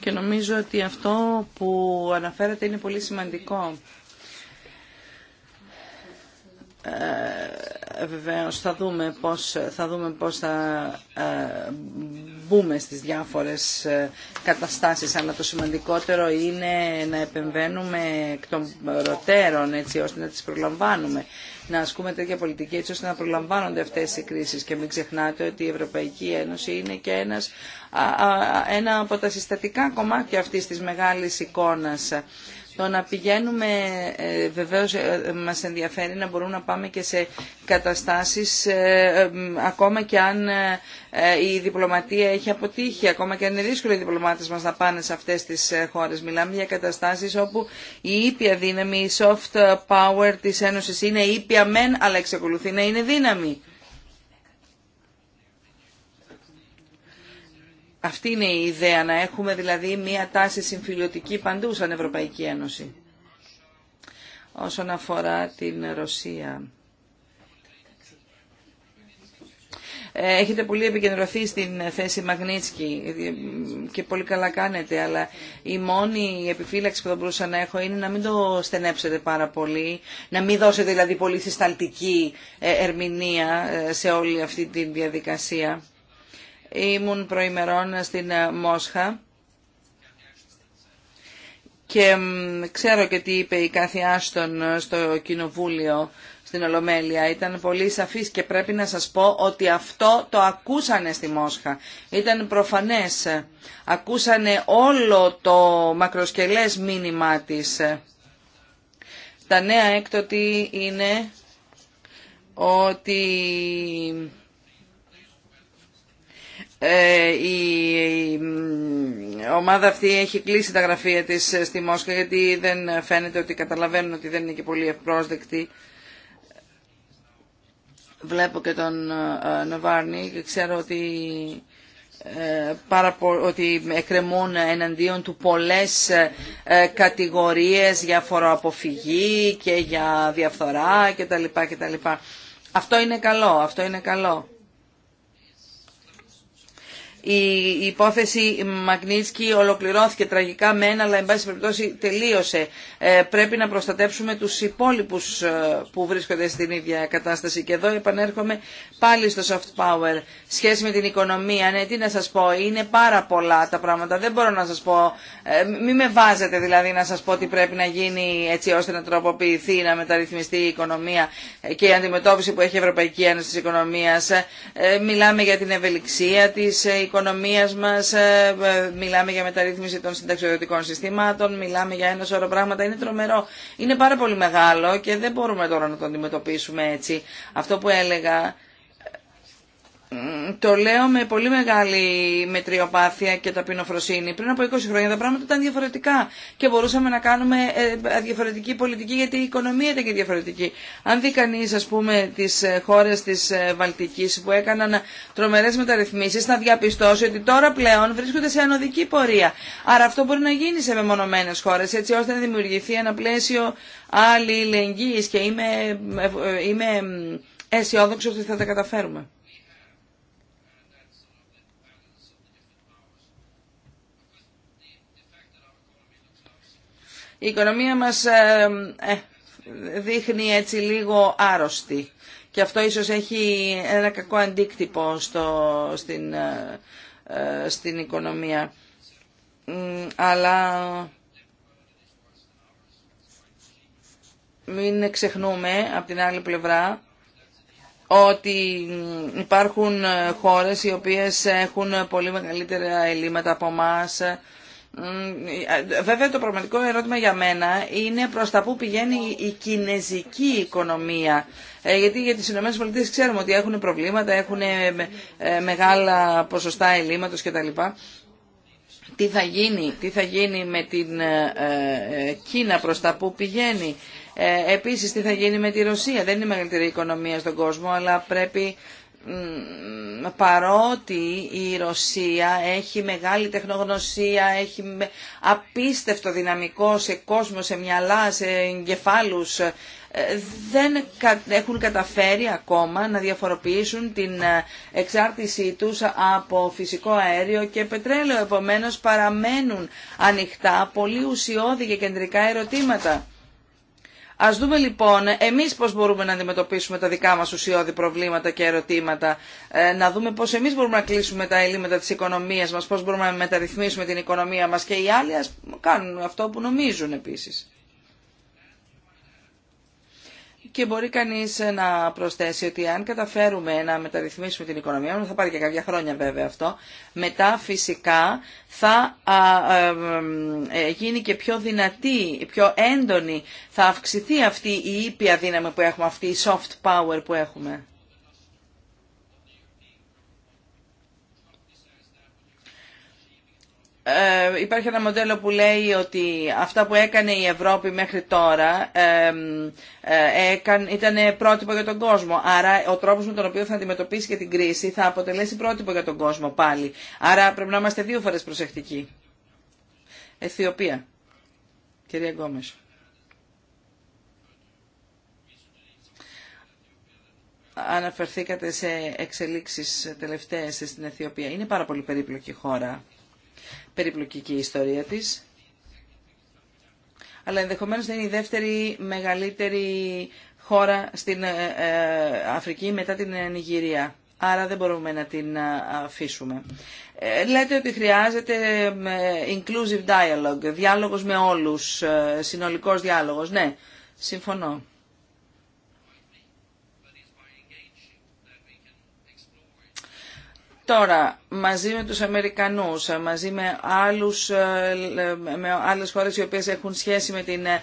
και νομίζω ότι αυτό που αναφέρατε είναι πολύ σημαντικό. Ε, βεβαίως θα δούμε πώς θα, δούμε πώς θα ε, μπούμε στις διάφορες ε, καταστάσεις αλλά το σημαντικότερο είναι να επεμβαίνουμε εκ των προτέρων έτσι ώστε να τις προλαμβάνουμε να ασκούμε τέτοια πολιτική έτσι ώστε να προλαμβάνονται αυτές οι κρίσεις και μην ξεχνάτε ότι η Ευρωπαϊκή Ένωση είναι και ένας ένα από τα συστατικά κομμάτια αυτής της μεγάλης εικόνας. Το να πηγαίνουμε, ε, βεβαίως ε, μας ενδιαφέρει να μπορούμε να πάμε και σε καταστάσεις ε, ακόμα και αν η διπλωματία έχει αποτύχει, ακόμα και αν είναι δύσκολο οι διπλωμάτες μας να πάνε σε αυτές τις χώρες. Μιλάμε για καταστάσεις όπου η ήπια δύναμη, η soft power της Ένωσης είναι ήπια μεν, αλλά εξακολουθεί να είναι δύναμη. Αυτή είναι η ιδέα, να έχουμε δηλαδή μία τάση συμφιλιωτική παντού σαν Ευρωπαϊκή Ένωση. Όσον αφορά την Ρωσία. Ε, έχετε πολύ επικεντρωθεί στην θέση Μαγνίτσκι ε, και πολύ καλά κάνετε, αλλά η μόνη επιφύλαξη που θα μπορούσα να έχω είναι να μην το στενέψετε πάρα πολύ, να μην δώσετε δηλαδή πολύ συσταλτική ε, ερμηνεία σε όλη αυτή τη διαδικασία. Ήμουν προημερών στην ε, Μόσχα και ξέρω και τι είπε η Κάθη Άστον ε, στο Κοινοβούλιο στην Ολομέλεια. Ήταν πολύ σαφής και πρέπει να σας πω ότι αυτό το ακούσανε στη Μόσχα. Ήταν προφανές. Ακούσανε όλο το μακροσκελές μήνυμά της. Τα νέα έκτοτη είναι ότι ε, η ομάδα αυτή έχει κλείσει τα γραφεία της ε, στη Μόσχα γιατί δεν φαίνεται ότι καταλαβαίνουν ότι δεν είναι και πολύ ευπρόσδεκτη. Βλέπω και τον ε, Ναβάρνη και ξέρω ότι πάρα ότι εκκρεμούν εναντίον του πολλές κατηγορίες για φοροαποφυγή και για διαφθορά κτλ. Αυτό είναι καλό, αυτό είναι καλό. Η υπόθεση Μαγνίτσκι ολοκληρώθηκε τραγικά με ένα αλλά εν πάση περιπτώσει τελείωσε. Ε, πρέπει να προστατεύσουμε τους υπόλοιπους ε, που βρίσκονται στην ίδια κατάσταση. Και εδώ επανέρχομαι πάλι στο soft power. Σχέση με την οικονομία, ναι, τι να σα πω, είναι πάρα πολλά τα πράγματα. Δεν μπορώ να σα πω, ε, μη με βάζετε δηλαδή να σα πω τι πρέπει να γίνει έτσι ώστε να τροποποιηθεί, να μεταρρυθμιστεί η οικονομία και η αντιμετώπιση που έχει η Ευρωπαϊκή Ένωση Οικονομία. Οικονομίας. Μιλάμε για την ευελιξία τη οικονομία μα, ε, ε, μιλάμε για μεταρρύθμιση των συνταξιοδοτικών συστήματων, μιλάμε για ένα σώρο πράγματα, είναι τρομερό. Είναι πάρα πολύ μεγάλο και δεν μπορούμε τώρα να το αντιμετωπίσουμε έτσι. Αυτό που έλεγα το λέω με πολύ μεγάλη μετριοπάθεια και ταπεινοφροσύνη. Πριν από 20 χρόνια τα πράγματα ήταν διαφορετικά και μπορούσαμε να κάνουμε ε, διαφορετική πολιτική γιατί η οικονομία ήταν και διαφορετική. Αν δει κανεί, α πούμε, τι ε, χώρε τη ε, Βαλτική που έκαναν τρομερέ μεταρρυθμίσει, θα διαπιστώσει ότι τώρα πλέον βρίσκονται σε ανωδική πορεία. Άρα αυτό μπορεί να γίνει σε μεμονωμένε χώρε έτσι ώστε να δημιουργηθεί ένα πλαίσιο αλληλεγγύη και είμαι, είμαι αισιόδοξο ότι θα τα καταφέρουμε. Η οικονομία μας ε, ε, δείχνει έτσι λίγο άρρωστη και αυτό ίσως έχει ένα κακό αντίκτυπο στο, στην, ε, στην οικονομία. Αλλά μην ξεχνούμε από την άλλη πλευρά ότι υπάρχουν χώρες οι οποίες έχουν πολύ μεγαλύτερα ελλείμματα από εμάς ε, βέβαια το πραγματικό ερώτημα για μένα είναι προς τα που πηγαίνει η κινέζικη οικονομία. Ε, γιατί για τις ΗΠΑ ξέρουμε ότι έχουν προβλήματα, έχουν ε, μεγάλα ποσοστά ελλείμματος κτλ. Τι θα γίνει, τι θα γίνει με την Κίνα προς τα που πηγαίνει. Επίσης τι θα γίνει με τη Ρωσία. Δεν είναι η μεγαλύτερη οικονομία στον κόσμο αλλά πρέπει παρότι η Ρωσία έχει μεγάλη τεχνογνωσία, έχει απίστευτο δυναμικό σε κόσμο, σε μυαλά, σε εγκεφάλους, ε, δεν έχουν καταφέρει ακόμα να διαφοροποιήσουν την ε, εξάρτησή τους από φυσικό αέριο και πετρέλαιο. Επομένως παραμένουν ανοιχτά πολύ ουσιώδη και κεντρικά ερωτήματα. Ας δούμε λοιπόν εμείς πώς μπορούμε να αντιμετωπίσουμε τα δικά μας ουσιώδη προβλήματα και ερωτήματα, ε, να δούμε πώς εμείς μπορούμε να κλείσουμε τα ελλείμματα τη οικονομία μας, πώς μπορούμε να μεταρρυθμίσουμε την οικονομία μας και οι άλλοι α κάνουν αυτό που νομίζουν επίση. Και μπορεί κανεί να προσθέσει ότι αν καταφέρουμε να μεταρρυθμίσουμε την οικονομία, θα πάρει και κάποια χρόνια βέβαια αυτό, μετά φυσικά θα ε, ε, γίνει και πιο δυνατή, πιο έντονη, θα αυξηθεί αυτή η ήπια δύναμη που έχουμε, αυτή η soft power που έχουμε. Ε, υπάρχει ένα μοντέλο που λέει ότι αυτά που έκανε η Ευρώπη μέχρι τώρα ε, ε, ήταν πρότυπο για τον κόσμο. Άρα ο τρόπος με τον οποίο θα αντιμετωπίσει και την κρίση θα αποτελέσει πρότυπο για τον κόσμο πάλι. Άρα πρέπει να είμαστε δύο φορές προσεκτικοί. Αιθιοπία. Κυρία Γκόμες. Αναφερθήκατε σε εξελίξεις τελευταίες στην Αιθιοπία. Είναι πάρα πολύ περίπλοκη χώρα Περιπλοκική ιστορία της. Αλλά ενδεχομένως δεν είναι η δεύτερη μεγαλύτερη χώρα στην ε, ε, Αφρική μετά την ε, Νιγηρία. Άρα δεν μπορούμε να την αφήσουμε. Λέτε ότι χρειάζεται inclusive dialogue, διάλογος με όλους, συνολικός διάλογος. Ναι, συμφωνώ. Τώρα, μαζί με τους Αμερικανούς, μαζί με, άλλους, ε, με άλλες χώρες οι οποίες έχουν σχέση με την ε,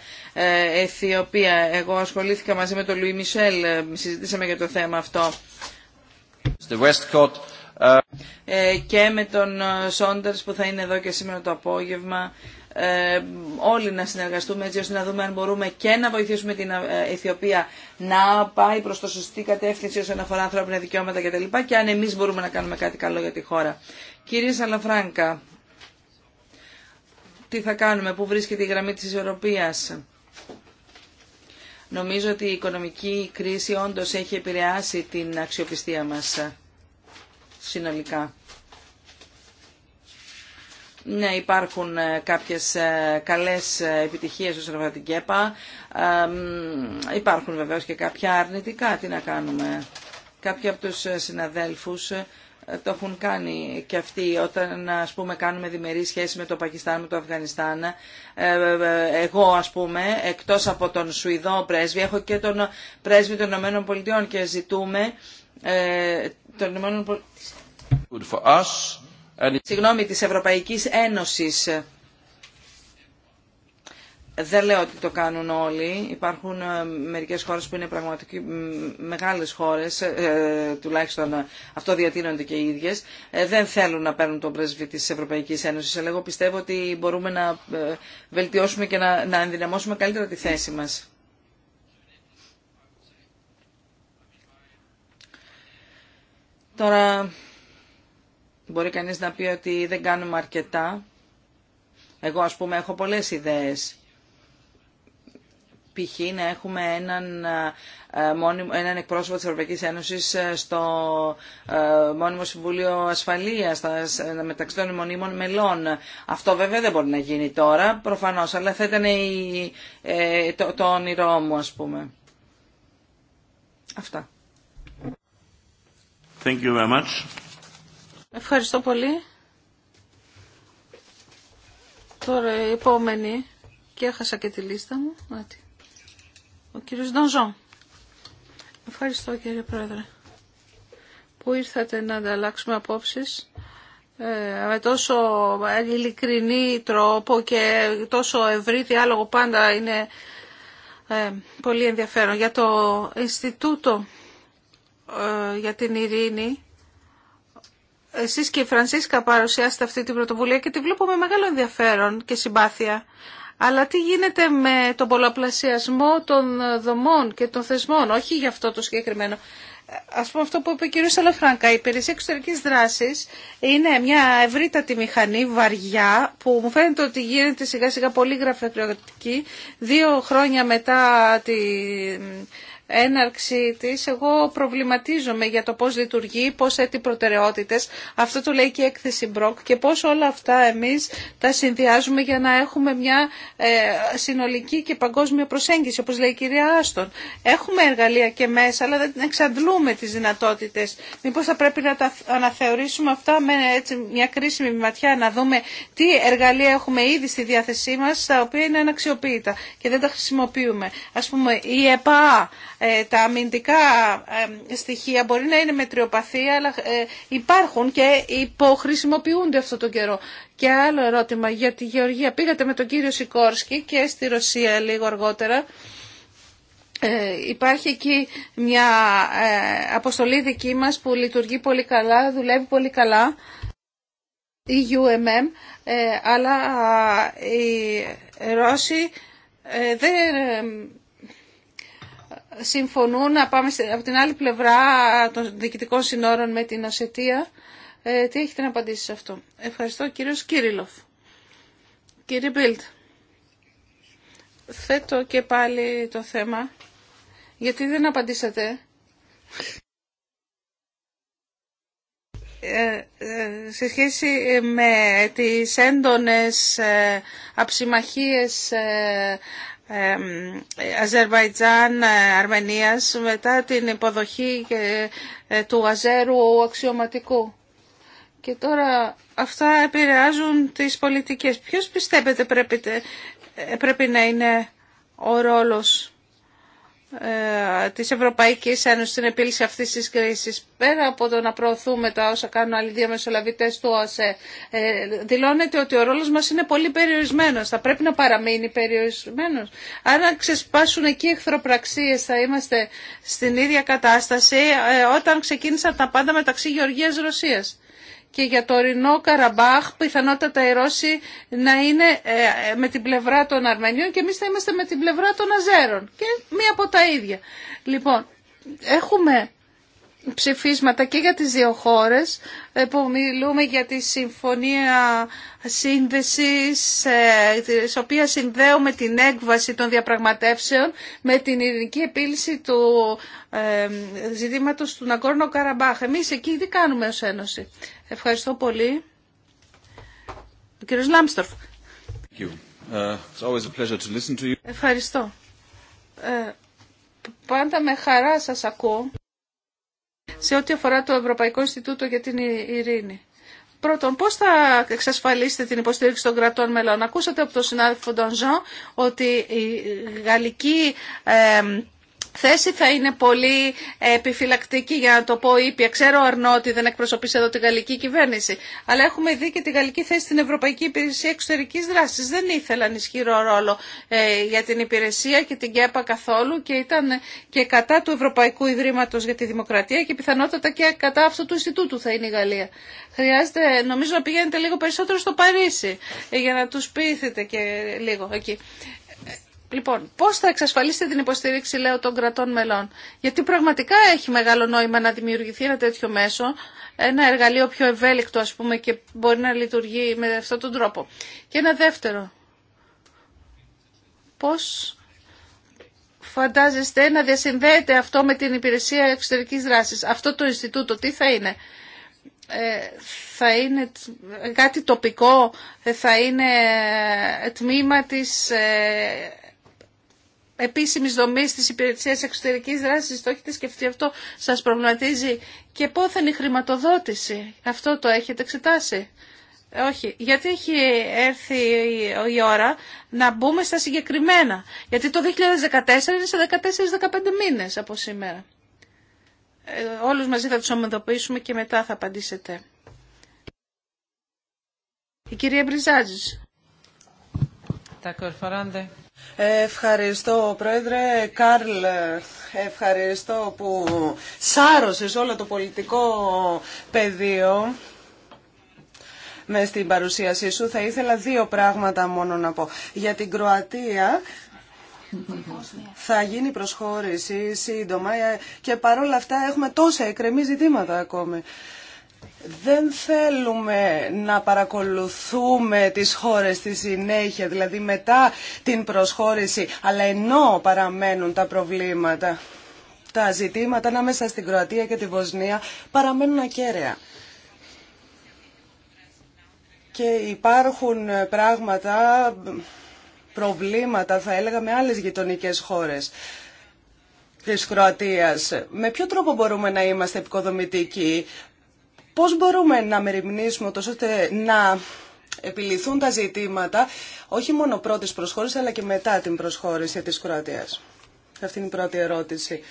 Αιθιοπία, εγώ ασχολήθηκα μαζί με τον Λουί Μισελ, ε, συζητήσαμε για το θέμα αυτό. και με τον Σόντερς που θα είναι εδώ και σήμερα το απόγευμα ε, όλοι να συνεργαστούμε έτσι ώστε να δούμε αν μπορούμε και να βοηθήσουμε την ε, Αιθιοπία να πάει προς το σωστή κατεύθυνση όσον αφορά ανθρώπινα δικαιώματα κτλ. Και, και αν εμείς μπορούμε να κάνουμε κάτι καλό για τη χώρα. Κύριε Σαλαφράγκα, τι θα κάνουμε, πού βρίσκεται η γραμμή της Ευρώπης; Νομίζω ότι η οικονομική κρίση όντως έχει επηρεάσει την αξιοπιστία μας συνολικά. Ναι, υπάρχουν ε, κάποιες ε, καλές ε, επιτυχίες όσον αφορά την ΚΕΠΑ. Υπάρχουν βεβαίως και κάποια αρνητικά. Τι να κάνουμε. Κάποιοι από τους συναδέλφους το έχουν κάνει και αυτοί όταν ας πούμε κάνουμε διμερή σχέση με το Πακιστάν, με το Αφγανιστάν. Εγώ ας πούμε εκτός από τον Σουηδό πρέσβη έχω και τον πρέσβη των Ηνωμένων Πολιτειών και ζητούμε ε, των Ηνωμένων Πολιτειών συγγνώμη, της Ευρωπαϊκής Ένωσης. Δεν λέω ότι το κάνουν όλοι. Υπάρχουν ε, μερικές χώρες που είναι πραγματικά μεγάλες χώρες, ε, ε, τουλάχιστον αυτό διατείνονται και οι ίδιες. Δεν θέλουν να παίρνουν τον πρέσβη της Ευρωπαϊκής Ένωσης, αλλά εγώ πιστεύω ότι μπορούμε να βελτιώσουμε και να, να ενδυναμώσουμε καλύτερα τη θέση μας. Τώρα, Μπορεί κανείς να πει ότι δεν κάνουμε αρκετά. Εγώ ας πούμε έχω πολλές ιδέες. Π.χ. να έχουμε έναν, ε, έναν εκπρόσωπο της Ευρωπαϊκής Ένωσης ε, στο ε, Μόνιμο Συμβούλιο Ασφαλείας μεταξύ των μονίμων μελών. Αυτό βέβαια δεν μπορεί να γίνει τώρα, προφανώς, αλλά θα ήταν η, το, το όνειρό μου ας πούμε. Αυτά. Thank you very much. Ευχαριστώ πολύ. Τώρα η επόμενη. Και έχασα και τη λίστα μου. Ο κύριος Ντονζόν. Ευχαριστώ κύριε Πρόεδρε που ήρθατε να ανταλλάξουμε απόψεις ε, με τόσο ειλικρινή τρόπο και τόσο ευρύ διάλογο πάντα είναι ε, πολύ ενδιαφέρον. Για το Ινστιτούτο ε, για την Ειρήνη εσείς και η Φρανσίσκα παρουσιάσετε αυτή την πρωτοβουλία και τη βλέπω με μεγάλο ενδιαφέρον και συμπάθεια. Αλλά τι γίνεται με τον πολλαπλασιασμό των δομών και των θεσμών, όχι για αυτό το συγκεκριμένο. Ας πούμε αυτό που είπε ο κ. Σαλαφράνκα, η υπηρεσία εξωτερικής δράσης είναι μια ευρύτατη μηχανή, βαριά, που μου φαίνεται ότι γίνεται σιγά σιγά πολύ γραφειοκρατική, δύο χρόνια μετά τη έναρξη της, εγώ προβληματίζομαι για το πώς λειτουργεί, πώς έτσι προτεραιότητες. Αυτό το λέει και η έκθεση Μπροκ και πώς όλα αυτά εμείς τα συνδυάζουμε για να έχουμε μια ε, συνολική και παγκόσμια προσέγγιση, όπως λέει η κυρία Άστον. Έχουμε εργαλεία και μέσα, αλλά δεν εξαντλούμε τις δυνατότητες. Μήπως θα πρέπει να τα αναθεωρήσουμε αυτά με έτσι μια κρίσιμη ματιά, να δούμε τι εργαλεία έχουμε ήδη στη διάθεσή μας, τα οποία είναι αναξιοποιητά και δεν τα χρησιμοποιούμε. Ας πούμε, η ΕΠΑ ε, τα αμυντικά στοιχεία μπορεί να είναι μετριοπαθή, αλλά ε, υπάρχουν και υποχρησιμοποιούνται αυτό τον καιρό. Και άλλο ερώτημα για τη Γεωργία. Πήγατε με τον κύριο Σικόρσκι και στη Ρωσία λίγο αργότερα. Ε, υπάρχει εκεί μια αποστολή δική μας που λειτουργεί πολύ καλά, δουλεύει πολύ καλά, η UMM, αλλά οι Ρώσοι δεν συμφωνούν να πάμε από την άλλη πλευρά των διοικητικών συνόρων με την Ασετία. Ε, τι έχετε να απαντήσει σε αυτό. Ευχαριστώ κύριο Κύριλοφ. Κύριε Μπίλτ, θέτω και πάλι το θέμα, γιατί δεν απαντήσατε. Ε, ε, σε σχέση με τις έντονες αψημαχίες Αζερβαϊτζάν, ε, Αρμενίας μετά την υποδοχή ε, ε, του Αζέρου αξιωματικού. Και τώρα αυτά επηρεάζουν τις πολιτικές. Ποιος πιστεύετε πρέπει, πρέπει να είναι ο ρόλος ε, της Ευρωπαϊκής Ένωσης στην επίλυση αυτής της κρίσης πέρα από το να προωθούμε τα όσα κάνουν άλλοι δύο μεσολαβητές του ΟΑΣΕ ε, δηλώνεται ότι ο ρόλος μας είναι πολύ περιορισμένος θα πρέπει να παραμείνει περιορισμένος να ξεσπάσουν εκεί εχθροπραξίες θα είμαστε στην ίδια κατάσταση ε, όταν ξεκίνησαν τα πάντα μεταξύ Γεωργίας Ρωσίας και για το ορεινό Καραμπάχ πιθανότατα οι Ρώσοι να είναι ε, με την πλευρά των Αρμενίων και εμείς θα είμαστε με την πλευρά των Αζέρων και μία από τα ίδια. Λοιπόν, έχουμε ψηφίσματα και για τις δύο χώρες ε, που μιλούμε για τη συμφωνία σύνδεσης ε, της οποία συνδέουμε την έκβαση των διαπραγματεύσεων με την ειρηνική επίλυση του ε, ζητήματος του Ναγκόρνο Καραμπάχ. Εμείς εκεί τι κάνουμε ως Ένωση. Ευχαριστώ πολύ. Ο κύριος Λάμστορφ. Uh, Ευχαριστώ. Ε, πάντα με χαρά σας ακούω σε ό,τι αφορά το Ευρωπαϊκό Ινστιτούτο για την Ειρήνη. Πρώτον, πώς θα εξασφαλίσετε την υποστήριξη των κρατών μελών. Ακούσατε από τον συνάδελφο Ντονζό ότι η γαλλική ε, θέση θα είναι πολύ επιφυλακτική για να το πω ήπια. Ξέρω Αρνό ότι δεν εκπροσωπείς εδώ τη γαλλική κυβέρνηση, αλλά έχουμε δει και τη γαλλική θέση στην Ευρωπαϊκή Υπηρεσία Εξωτερικής Δράσης. Δεν ήθελαν ισχυρό ρόλο ε, για την υπηρεσία και την ΚΕΠΑ καθόλου και ήταν και κατά του Ευρωπαϊκού Ιδρύματος για τη Δημοκρατία και πιθανότατα και κατά αυτού του Ινστιτούτου θα είναι η Γαλλία. Χρειάζεται νομίζω να πηγαίνετε λίγο περισσότερο στο Παρίσι ε, για να του πείθετε και λίγο εκεί. Λοιπόν, πώ θα εξασφαλίσετε την υποστήριξη, λέω, των κρατών μελών. Γιατί πραγματικά έχει μεγάλο νόημα να δημιουργηθεί ένα τέτοιο μέσο, ένα εργαλείο πιο ευέλικτο, α πούμε, και μπορεί να λειτουργεί με αυτόν τον τρόπο. Και ένα δεύτερο. Πώ φαντάζεστε να διασυνδέεται αυτό με την υπηρεσία εξωτερική δράση. Αυτό το Ινστιτούτο, τι θα είναι. Ε, θα είναι κάτι τοπικό, ε, θα είναι τμήμα της ε, επίσημης δομής τη υπηρεσία εξωτερική δράση, Το έχετε σκεφτεί αυτό, σας προβληματίζει. Και πόθεν η χρηματοδότηση, αυτό το έχετε εξετάσει. Όχι, γιατί έχει έρθει η ώρα να μπούμε στα συγκεκριμένα. Γιατί το 2014 είναι σε 14-15 μήνε από σήμερα. Ε, όλους μαζί θα τους ομοδοποιήσουμε και μετά θα απαντήσετε. Η κυρία Μπριζάζης. Ευχαριστώ Πρόεδρε. Κάρλ, ευχαριστώ που σάρωσες όλο το πολιτικό πεδίο με στην παρουσίασή σου. Θα ήθελα δύο πράγματα μόνο να πω. Για την Κροατία θα γίνει προσχώρηση σύντομα ε, και παρόλα αυτά έχουμε τόσα εκρεμή ζητήματα ακόμη δεν θέλουμε να παρακολουθούμε τις χώρες στη συνέχεια, δηλαδή μετά την προσχώρηση, αλλά ενώ παραμένουν τα προβλήματα. Τα ζητήματα ανάμεσα στην Κροατία και τη Βοσνία παραμένουν ακέραια. Και υπάρχουν πράγματα, προβλήματα θα έλεγα με άλλες γειτονικές χώρες της Κροατίας. Με ποιο τρόπο μπορούμε να είμαστε επικοδομητικοί, Πώς μπορούμε να μεριμνήσουμε τόσο ώστε να επιληθούν τα ζητήματα όχι μόνο πρώτης προσχώρησης αλλά και μετά την προσχώρηση της Κροατίας. Αυτή είναι η πρώτη ερώτηση.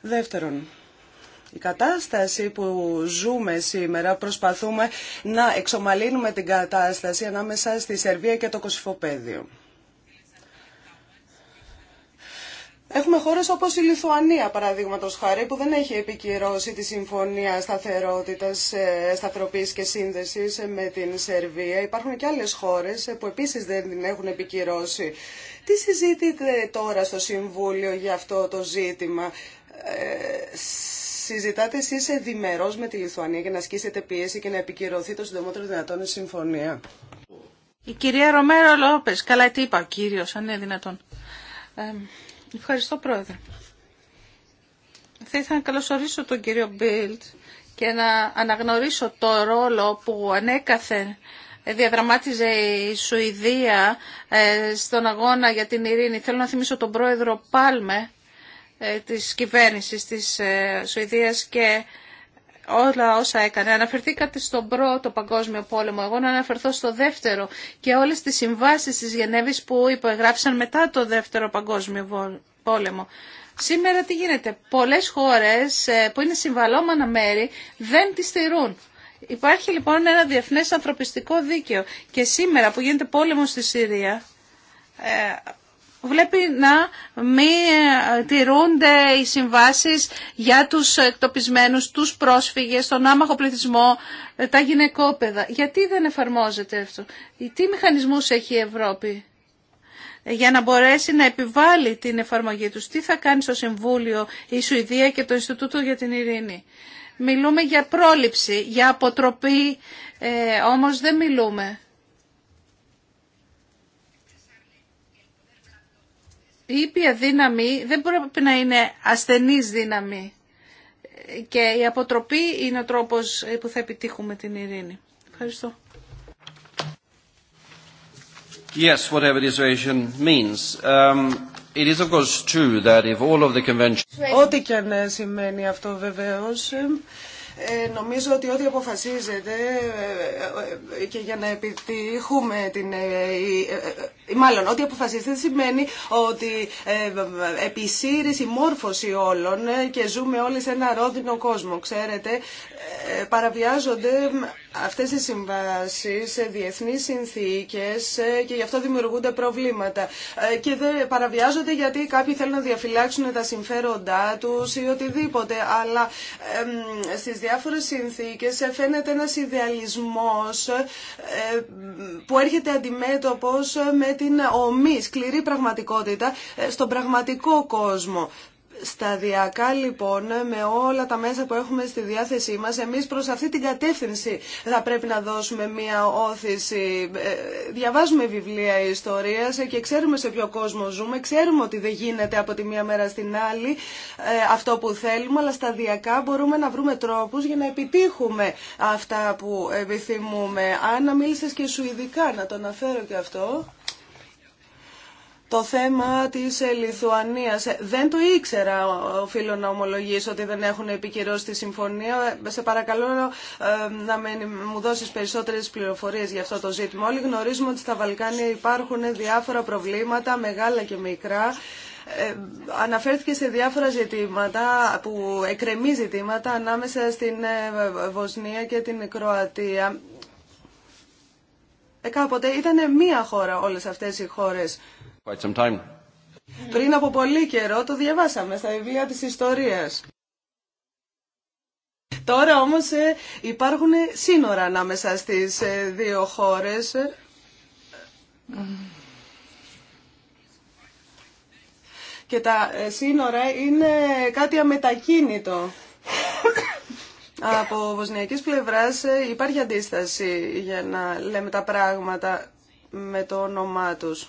Δεύτερον, η κατάσταση που ζούμε σήμερα προσπαθούμε να εξομαλύνουμε την κατάσταση ανάμεσα στη Σερβία και το Κωσυφοπαίδιο. Έχουμε χώρες όπως η Λιθουανία, παραδείγματος χάρη, που δεν έχει επικυρώσει τη Συμφωνία Σταθερότητας, ε, Σταθεροποίησης και Σύνδεσης ε, με την Σερβία. Υπάρχουν και άλλες χώρες ε, που επίσης δεν την έχουν επικυρώσει. Τι συζητείτε τώρα στο Συμβούλιο για αυτό το ζήτημα. Ε, συζητάτε εσείς διμερώς με τη Λιθουανία για να ασκήσετε πίεση και να επικυρωθεί το συντομότερο δυνατόν η συμφωνία. Η κυρία Ρωμέρο Λόπες, καλά τι είπα κύριος, αν είναι δυνατόν. Ευχαριστώ πρόεδρε. Θα ήθελα να καλωσορίσω τον κύριο Μπίλτ και να αναγνωρίσω το ρόλο που ανέκαθεν διαδραμάτιζε η Σουηδία ε, στον αγώνα για την ειρήνη. Θέλω να θυμίσω τον πρόεδρο Πάλμε ε, της κυβέρνησης της ε, Σουηδίας και όλα όσα έκανε. Αναφερθήκατε στον πρώτο παγκόσμιο πόλεμο, εγώ να αναφερθώ στο δεύτερο και όλες τις συμβάσει τη Γενέβης που υπογράφησαν μετά το δεύτερο παγκόσμιο πόλεμο. Σήμερα τι γίνεται, πολλές χώρες ε, που είναι συμβαλόμενα μέρη δεν τις στηρούν. Υπάρχει λοιπόν ένα διεθνές ανθρωπιστικό δίκαιο και σήμερα που γίνεται πόλεμο στη Συρία ε, βλέπει να μην ε, τηρούνται οι συμβάσεις για τους εκτοπισμένους, τους πρόσφυγες, τον άμαχο πληθυσμό, ε, τα γυναικόπαιδα. Γιατί δεν εφαρμόζεται αυτό. Ε, τι μηχανισμούς έχει η Ευρώπη για να μπορέσει να επιβάλλει την εφαρμογή τους. Τι θα κάνει στο Συμβούλιο η Σουηδία και το Ινστιτούτο για την Ειρήνη. Μιλούμε για πρόληψη, για αποτροπή, ε, όμως δεν μιλούμε η ήπια δύναμη δεν πρέπει να είναι ασθενής δύναμη και η αποτροπή είναι ο τρόπος που θα επιτύχουμε την ειρήνη. Ευχαριστώ. Yes, whatever means. Um, it is of course true that if all of the conventions... Ό,τι και αν σημαίνει αυτό βεβαίως, ε, νομίζω ότι ό,τι αποφασίζεται ε, ε, και για να επιτύχουμε την μάλλον ό,τι αποφασιστεί σημαίνει ότι ε, συμμόρφωση μόρφωση όλων ε, και ζούμε όλοι σε ένα ρόδινο κόσμο. Ξέρετε, ε, παραβιάζονται αυτές οι συμβάσεις σε διεθνείς συνθήκες ε, και γι' αυτό δημιουργούνται προβλήματα. Και δεν παραβιάζονται γιατί κάποιοι θέλουν να διαφυλάξουν τα συμφέροντά τους ή οτιδήποτε. Αλλά ε, στις διάφορες συνθήκες φαίνεται ένας ιδεαλισμός που έρχεται αντιμέτωπος με την ομή, σκληρή πραγματικότητα ε, στον πραγματικό κόσμο. Σταδιακά λοιπόν με όλα τα μέσα που έχουμε στη διάθεσή μας εμείς προς αυτή την κατεύθυνση θα πρέπει να δώσουμε μία όθηση. Ε, διαβάζουμε βιβλία ιστορίας και ξέρουμε σε ποιο κόσμο ζούμε, ξέρουμε ότι δεν γίνεται από τη μία μέρα στην άλλη ε, αυτό που θέλουμε αλλά σταδιακά μπορούμε να βρούμε τρόπους για να επιτύχουμε αυτά που επιθυμούμε. Άννα μίλησες και σου ειδικά να το αναφέρω και αυτό. Το θέμα της ε, Λιθουανίας ε, δεν το ήξερα, οφείλω να ομολογήσω ότι δεν έχουν επικυρώσει τη συμφωνία. Ε, σε παρακαλώ να μου δώσεις περισσότερες πληροφορίες για αυτό το ζήτημα. Όλοι γνωρίζουμε ότι στα Βαλκάνια υπάρχουν διάφορα προβλήματα, μεγάλα και μικρά. αναφέρθηκε σε διάφορα ζητήματα που εκρεμεί ζητήματα ανάμεσα στην Βοσνία και την Κροατία. Ε, κάποτε ήταν μία χώρα όλες αυτές οι χώρες. Πριν από πολύ καιρό το διαβάσαμε στα βιβλία της ιστορίας. Τώρα όμως ε, υπάρχουν σύνορα ανάμεσα στις ε, δύο χώρες. Και τα ε, σύνορα είναι κάτι αμετακίνητο. Από βοσνιακής πλευράς υπάρχει αντίσταση για να λέμε τα πράγματα με το όνομά τους.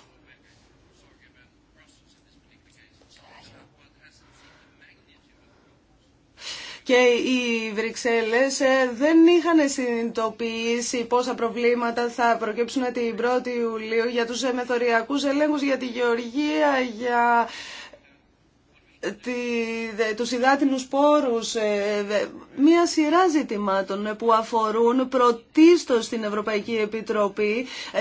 και οι Βρυξέλλες ε, δεν είχαν συνειδητοποιήσει πόσα προβλήματα θα προκύψουν την 1η Ιουλίου για τους ε, μεθοριακούς ελέγχους, για τη γεωργία, για τους υδάτινους πόρους, ε, μία σειρά ζητημάτων που αφορούν πρωτίστως την Ευρωπαϊκή Επιτροπή. Ε,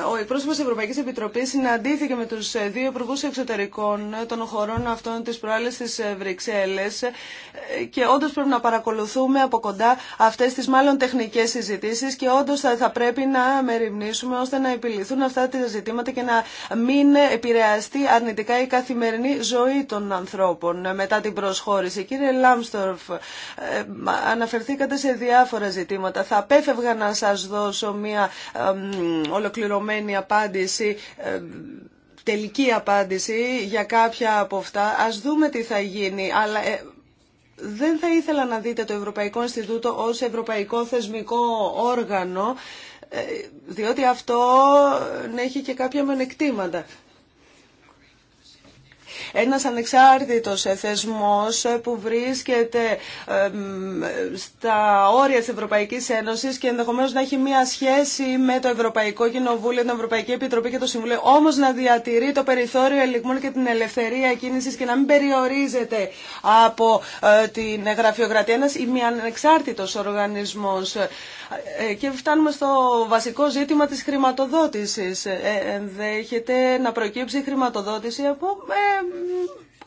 ο εκπρόσωπος της Ευρωπαϊκής Επιτροπής συναντήθηκε με τους ε, δύο υπουργούς εξωτερικών των χωρών αυτών της προάλλης της Βρυξέλλες και όντως πρέπει να παρακολουθούμε από κοντά αυτές τις μάλλον τεχνικές συζητήσεις και όντως θα πρέπει να μεριμνήσουμε ώστε να επιληθούν αυτά τα ζητήματα και να μην επηρεαστεί αρνητικά η καθημερινή ζωή των ανθρώπων μετά την προσχώρηση. Κύριε Λάμστορφ, ε, αναφερθήκατε σε διάφορα ζητήματα. Θα απέφευγα να σας δώσω μια ολοκληρωμένη απάντηση τελική απάντηση για κάποια από αυτά. Ας δούμε τι θα γίνει. Αλλά ε, δεν θα ήθελα να δείτε το Ευρωπαϊκό Ινστιτούτο ως ευρωπαϊκό θεσμικό όργανο, ε, διότι αυτό έχει και κάποια μονεκτήματα ένας ανεξάρτητος θεσμός που βρίσκεται στα όρια της Ευρωπαϊκής Ένωσης και ενδεχομένως να έχει μία σχέση με το Ευρωπαϊκό Κοινοβούλιο, την Ευρωπαϊκή Επιτροπή και το Συμβουλίο, όμως να διατηρεί το περιθώριο ελιγμών και την ελευθερία κίνησης και να μην περιορίζεται από ε, την γραφειοκρατία. Ένας ανεξάρτητος οργανισμός ε, και φτάνουμε στο βασικό ζήτημα της χρηματοδότησης. Ε, ε, ενδέχεται να προκύψει χρηματοδότηση από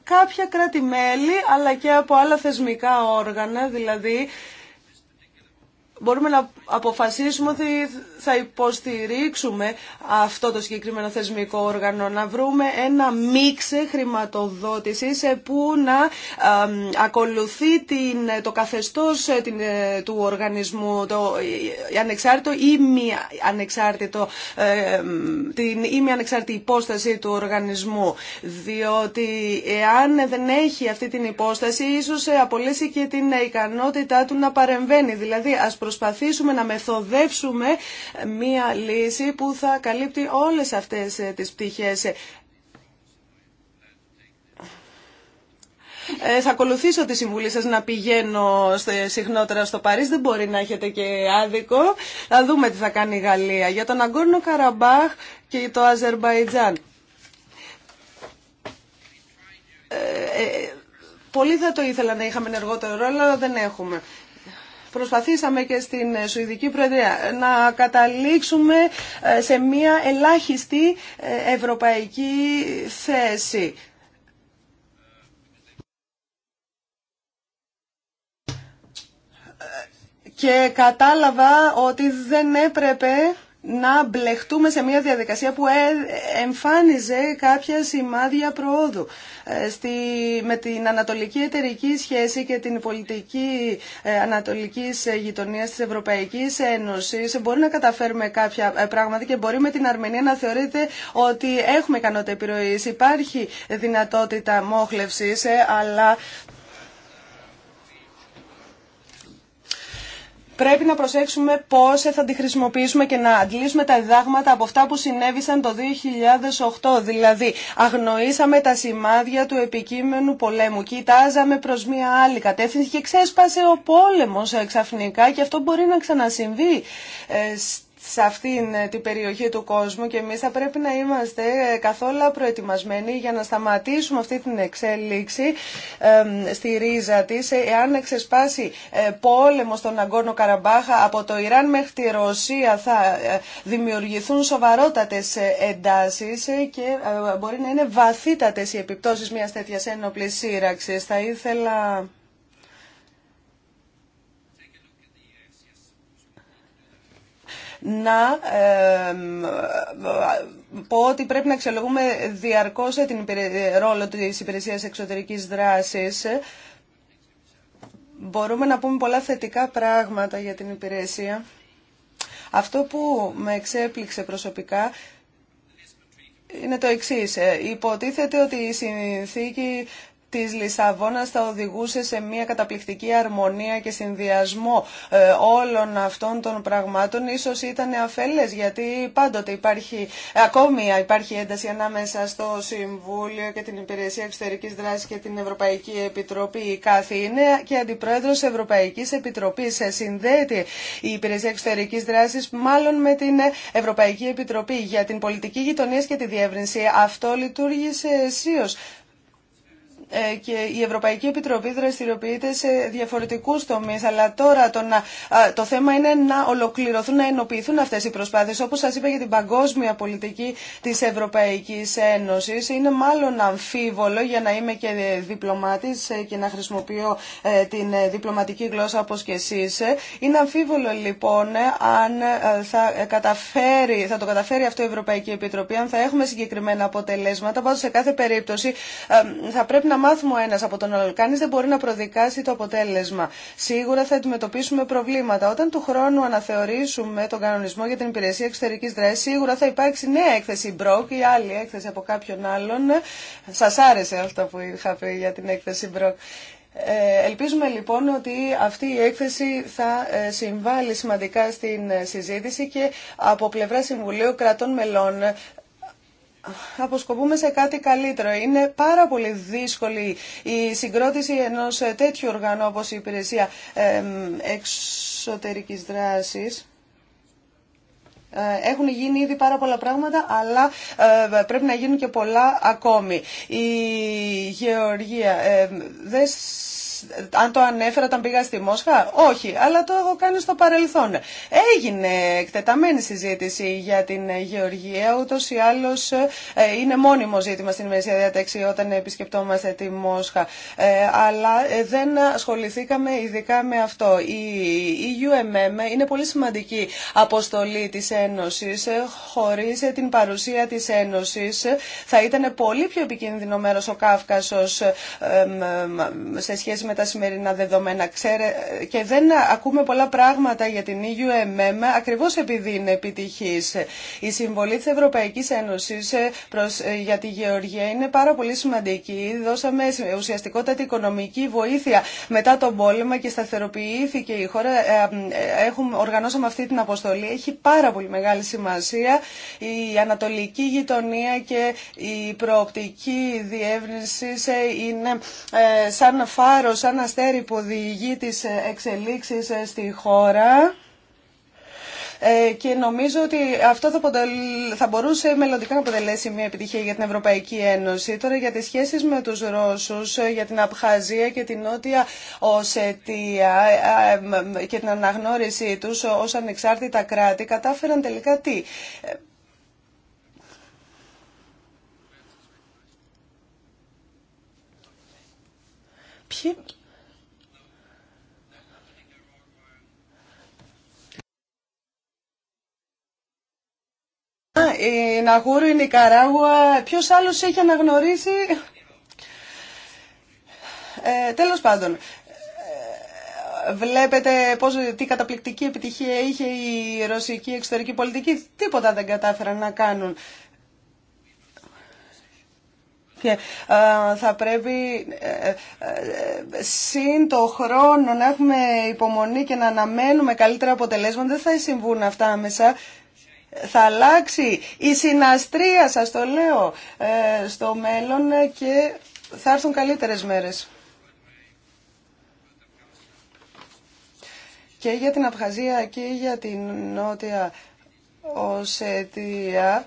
κάποια κράτη-μέλη αλλά και από άλλα θεσμικά όργανα, δηλαδή μπορούμε να αποφασίσουμε ότι θα υποστηρίξουμε αυτό το συγκεκριμένο θεσμικό όργανο, να βρούμε ένα μίξε χρηματοδότησης που να ακολουθεί την, το καθεστώς ε, την, ε, του οργανισμού, το ε, ανεξάρτητο ή μη ανεξάρτητο, την ή ανεξάρτητη υπόσταση του οργανισμού. Διότι εάν δεν έχει αυτή την υπόσταση, ίσως απολύσει και την ικανότητά του να παρεμβαίνει. Δηλαδή, προσπαθήσουμε να μεθοδεύσουμε μία λύση που θα καλύπτει όλες αυτές ε, τις πτυχές. Ε, ε, θα ακολουθήσω τη συμβουλή σας να πηγαίνω συχνότερα στο Παρίσι. Δεν μπορεί να έχετε και άδικο. Θα δούμε τι θα κάνει η Γαλλία. Για τον Αγκόρνο Καραμπάχ και το Αζερμπαϊτζάν. Ε, πολλοί θα το ήθελα να είχαμε ενεργότερο ρόλο, αλλά δεν έχουμε. Προσπαθήσαμε και στην Σουηδική Προεδρία να καταλήξουμε ε, σε μια ελάχιστη ε, ευρωπαϊκή θέση. Ε, και κατάλαβα ότι δεν έπρεπε να μπλεχτούμε σε μια διαδικασία που ε, εμφάνιζε κάποια σημάδια προόδου. Ε, στη, με την ανατολική εταιρική σχέση και την πολιτική ε, ανατολικής γειτονίας της Ευρωπαϊκής Ένωσης μπορεί να καταφέρουμε κάποια πράγματα και μπορεί με την Αρμενία να θεωρείται ότι έχουμε ικανότητα επιρροή, Υπάρχει δυνατότητα μόχλευσης, αλλά Πρέπει να προσέξουμε πώς θα τη χρησιμοποιήσουμε και να αντλήσουμε τα διδάγματα από αυτά που συνέβησαν το 2008. Δηλαδή, αγνοήσαμε τα σημάδια του επικείμενου πολέμου, κοιτάζαμε προς μία άλλη κατεύθυνση και ξέσπασε ο πόλεμος ε, ξαφνικά και αυτό μπορεί να ξανασυμβεί ε, σε αυτήν ε, την περιοχή του κόσμου και εμείς θα πρέπει να είμαστε ε, καθόλου προετοιμασμένοι για να σταματήσουμε αυτή την εξέλιξη στη ρίζα της. Ε, εάν εξεσπάσει πόλεμο στον Αγκόνο Καραμπάχα από το Ιράν μέχρι τη Ρωσία θα δημιουργηθούν σοβαρότατες εντάσεις και μπορεί να είναι βαθύτατες οι επιπτώσεις μιας τέτοιας ένοπλης σύραξης. Θα ήθελα να πω ότι πρέπει να αξιολογούμε διαρκώς την ρόλο της υπηρεσίας εξωτερικής δράσης. Μπορούμε να πούμε πολλά θετικά πράγματα για την υπηρεσία. Αυτό που με εξέπληξε προσωπικά είναι το εξή. Ε, υποτίθεται ότι η συνθήκη της Λισαβόνας θα οδηγούσε σε μια καταπληκτική αρμονία και συνδυασμό ε, όλων αυτών των πραγμάτων ίσως ήταν αφέλες γιατί πάντοτε υπάρχει, ε, ακόμη υπάρχει ένταση ανάμεσα στο Συμβούλιο και την Υπηρεσία Εξωτερικής Δράσης και την Ευρωπαϊκή Επιτροπή η κάθε είναι και Αντιπρόεδρος Ευρωπαϊκής Επιτροπής ε, συνδέεται η Υπηρεσία Εξωτερικής Δράσης μάλλον με την Ευρωπαϊκή Επιτροπή για την πολιτική γειτονία και τη διεύρυνση αυτό λειτουργήσε αισίως. Ε, και η Ευρωπαϊκή Επιτροπή δραστηριοποιείται σε διαφορετικού τομεί. αλλά τώρα το, το θέμα είναι να ολοκληρωθούν, να ενοποιηθούν αυτέ οι προσπάθειε, όπω σα είπα για την παγκόσμια πολιτική τη Ευρωπαϊκή Ένωση. είναι μάλλον αμφίβολο για να είμαι και διπλωμάτης ε, και να χρησιμοποιώ ε, την διπλωματική γλώσσα όπως και εσείς. Είναι αμφίβολο λοιπόν αν θα, καταφέρει, θα το καταφέρει αυτό η Ευρωπαϊκή Επιτροπή, αν θα έχουμε συγκεκριμένα αποτελέσματα. Πάντω σε κάθε περίπτωση θα πρέπει να μάθουμε ο ένα από τον άλλο. Κανεί δεν μπορεί να προδικάσει το αποτέλεσμα. Σίγουρα θα αντιμετωπίσουμε προβλήματα. Όταν του χρόνου αναθεωρήσουμε τον κανονισμό για την υπηρεσία εξωτερική δράση, σίγουρα θα υπάρξει νέα έκθεση Μπροκ ή άλλη έκθεση από κάποιον άλλον. Σα άρεσε αυτό που είχα πει για την έκθεση Μπροκ. Ε, ελπίζουμε λοιπόν ότι αυτή η έκθεση θα ε, συμβάλλει σημαντικά στην ε, συζήτηση και από πλευρά Συμβουλίου Κρατών Μελών αποσκοπούμε σε κάτι καλύτερο. Είναι πάρα πολύ δύσκολη η συγκρότηση ενός ε, τέτοιου οργανού όπως η υπηρεσία εξωτερικής δράσης. Ε, έχουν γίνει ήδη πάρα πολλά πράγματα, αλλά ε, πρέπει να γίνουν και πολλά ακόμη. Η Γεωργία, δεν αν το ανέφερα όταν πήγα στη Μόσχα, όχι, αλλά το έχω κάνει στο παρελθόν. Έγινε εκτεταμένη συζήτηση για την Γεωργία, ούτως ή άλλως ε, είναι μόνιμο ζήτημα στην ημερησία διάταξη όταν επισκεπτόμαστε τη Μόσχα, ε, αλλά ε, δεν ασχοληθήκαμε ειδικά με αυτό. Η UMM είναι πολύ σημαντική αποστολή της Ένωσης, χωρίς την παρουσία της Ένωσης θα ήταν πολύ πιο επικίνδυνο μέρος ο Κάφκασος σε σχέση με τα σημερινά δεδομένα. Ξέρε, και δεν ακούμε πολλά πράγματα για την EUMM ακριβώς επειδή είναι επιτυχής. Η συμβολή της Ευρωπαϊκής Ένωσης ε, ε, για τη Γεωργία είναι πάρα πολύ σημαντική. Δώσαμε ουσιαστικότατη οικονομική βοήθεια μετά τον πόλεμο και σταθεροποιήθηκε η χώρα. Ε, Έχουμε, οργανώσαμε αυτή την αποστολή. Έχει πάρα πολύ μεγάλη σημασία η ανατολική γειτονία και η προοπτική διεύρυνση είναι σαν φάρο σαν αστέρι που οδηγεί τις ε, εξελίξεις ε, στη χώρα ε, και νομίζω ότι αυτό θα, θα μπορούσε μελλοντικά να αποτελέσει μια επιτυχία για την Ευρωπαϊκή Ένωση. Τώρα για τις σχέσεις με τους Ρώσους, για την Απχαζία και την Νότια Οσετία και την αναγνώρισή τους ως ανεξάρτητα κράτη, κατάφεραν τελικά τι. Όχι. Η Ναγούρου, η Νικαράγουα, ποιος άλλος έχει αναγνωρίσει. Ε, τέλος πάντων, ε, βλέπετε πώς, τι καταπληκτική επιτυχία είχε η ρωσική εξωτερική πολιτική. Τίποτα δεν κατάφεραν να κάνουν και ε, θα πρέπει ε, ε, σύν το χρόνο να έχουμε υπομονή και να αναμένουμε καλύτερα αποτελέσματα. Δεν θα συμβούν αυτά άμεσα. Θα αλλάξει η συναστρία, σας το λέω, στο μέλλον και θα έρθουν καλύτερες μέρες. Και για την Απχαζία και για την Νότια Οσετία.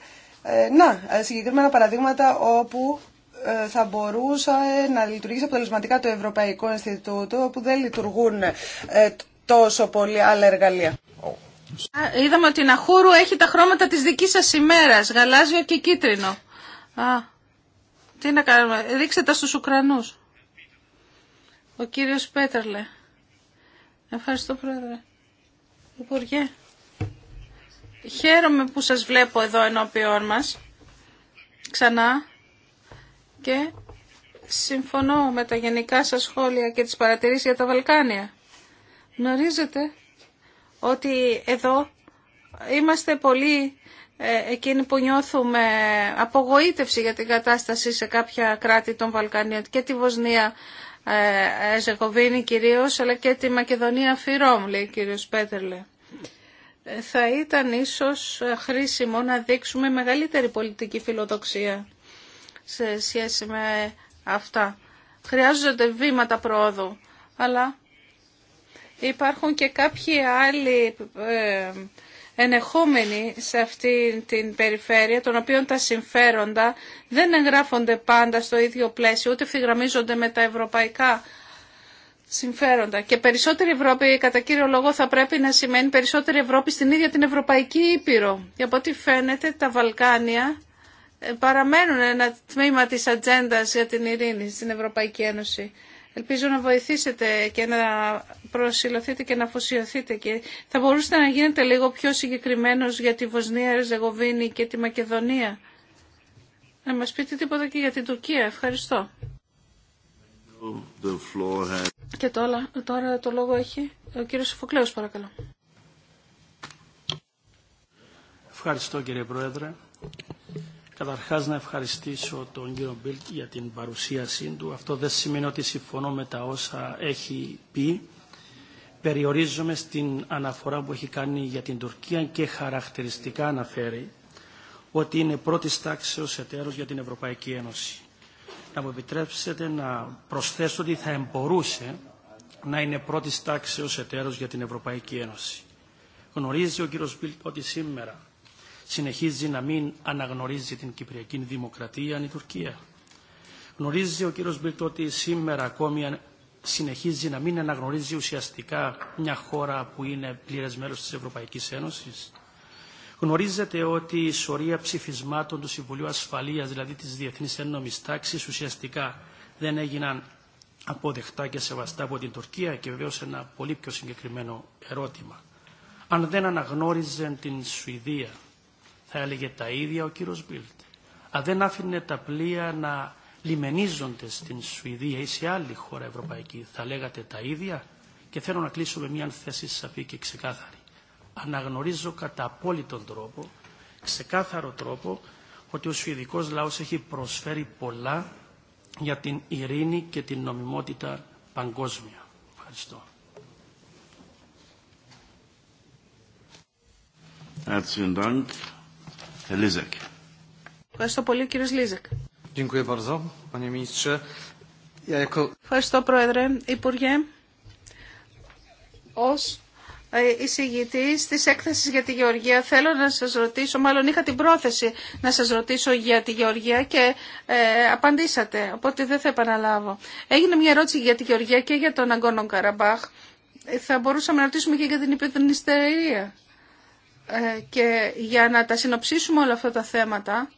να, συγκεκριμένα παραδείγματα όπου ε, θα μπορούσε να λειτουργήσει αποτελεσματικά το Ευρωπαϊκό Ινστιτούτο, όπου δεν λειτουργούν ε, τόσο πολύ άλλα εργαλεία. Είδαμε ότι η Ναχούρου έχει τα χρώματα της δικής σας ημέρας, γαλάζιο και κίτρινο. Α, τι να κάνουμε, δείξτε τα στους Ουκρανούς. Ο κύριος Πέτερλε. Ευχαριστώ πρόεδρε. Υπουργέ. Χαίρομαι που σας βλέπω εδώ ενώπιόν μας. Ξανά και συμφωνώ με τα γενικά σας σχόλια και τις παρατηρήσεις για τα Βαλκάνια. Γνωρίζετε ότι εδώ είμαστε πολύ ε, εκείνοι που νιώθουμε απογοήτευση για την κατάσταση σε κάποια κράτη των Βαλκανίων και τη Βοσνία ε, Ζεκοβίνη κυρίως, αλλά και τη Μακεδονία Φιρόμ, λέει κύριος Πέτερλε. Ε, θα ήταν ίσως χρήσιμο να δείξουμε μεγαλύτερη πολιτική φιλοδοξία σε σχέση με αυτά. Χρειάζονται βήματα πρόοδου, αλλά υπάρχουν και κάποιοι άλλοι ε, ενεχόμενοι σε αυτή την περιφέρεια, των οποίων τα συμφέροντα δεν εγγράφονται πάντα στο ίδιο πλαίσιο, ούτε φυγραμμίζονται με τα ευρωπαϊκά συμφέροντα. Και περισσότερη Ευρώπη, κατά κύριο λόγο, θα πρέπει να σημαίνει περισσότερη Ευρώπη στην ίδια την Ευρωπαϊκή Ήπειρο. Και από ό,τι φαίνεται, τα Βαλκάνια ε, παραμένουν ένα τμήμα της ατζέντα για την ειρήνη στην Ευρωπαϊκή Ένωση. Ελπίζω να βοηθήσετε και να προσιλωθείτε και να αφοσιωθείτε. Και θα μπορούσατε να γίνετε λίγο πιο συγκεκριμένος για τη Βοσνία, Ρεζεγοβίνη και τη Μακεδονία. Να μας πείτε τίποτα και για την Τουρκία. Ευχαριστώ. Και τώρα, τώρα το λόγο έχει ο κύριος Φουκλέος, παρακαλώ. Ευχαριστώ κύριε Πρόεδρε. Καταρχάς να ευχαριστήσω τον κύριο Μπίλτ για την παρουσίασή του. Αυτό δεν σημαίνει ότι συμφωνώ με τα όσα έχει πει. Περιορίζομαι στην αναφορά που έχει κάνει για την Τουρκία και χαρακτηριστικά αναφέρει ότι είναι πρώτη τάξεως εταίρος για την Ευρωπαϊκή Ένωση. Να μου επιτρέψετε να προσθέσω ότι θα εμπορούσε να είναι πρώτη τάξεως εταίρος για την Ευρωπαϊκή Ένωση. Γνωρίζει ο κύριος Μπίλτ ότι σήμερα συνεχίζει να μην αναγνωρίζει την Κυπριακή Δημοκρατία η Τουρκία. Γνωρίζει ο κύριος Μπίρτ ότι σήμερα ακόμη συνεχίζει να μην αναγνωρίζει ουσιαστικά μια χώρα που είναι πλήρες μέλος της Ευρωπαϊκής Ένωσης. Γνωρίζετε ότι η σωρία ψηφισμάτων του Συμβουλίου Ασφαλείας, δηλαδή της Διεθνής Ένωμης Τάξης, ουσιαστικά δεν έγιναν αποδεχτά και σεβαστά από την Τουρκία και βεβαίως ένα πολύ πιο συγκεκριμένο ερώτημα. Αν δεν αναγνώριζε την Σουηδία θα έλεγε τα ίδια ο κύριος Μπίλτ. Αν δεν άφηνε τα πλοία να λιμενίζονται στην Σουηδία ή σε άλλη χώρα ευρωπαϊκή, θα λέγατε τα ίδια. Και θέλω να κλείσω με μια θέση σαφή και ξεκάθαρη. Αναγνωρίζω κατά απόλυτον τρόπο, ξεκάθαρο τρόπο, ότι ο Σουηδικός λαός έχει προσφέρει πολλά για την ειρήνη και την νομιμότητα παγκόσμια. Ευχαριστώ. Dank. Ευχαριστώ πολύ, κύριος Λίζεκ. Ευχαριστώ, Πρόεδρε. Υπουργέ, Ω ε, εισηγητή τη έκθεση για τη Γεωργία θέλω να σα ρωτήσω, μάλλον είχα την πρόθεση να σα ρωτήσω για τη Γεωργία και ε, απαντήσατε, οπότε δεν θα επαναλάβω. Έγινε μια ερώτηση για τη Γεωργία και για τον Αγκόνο Καραμπάχ. Ε, θα μπορούσαμε να ρωτήσουμε και για την υπερδυνιστερία. Ε, και για να τα συνοψίσουμε όλα αυτά τα θέματα,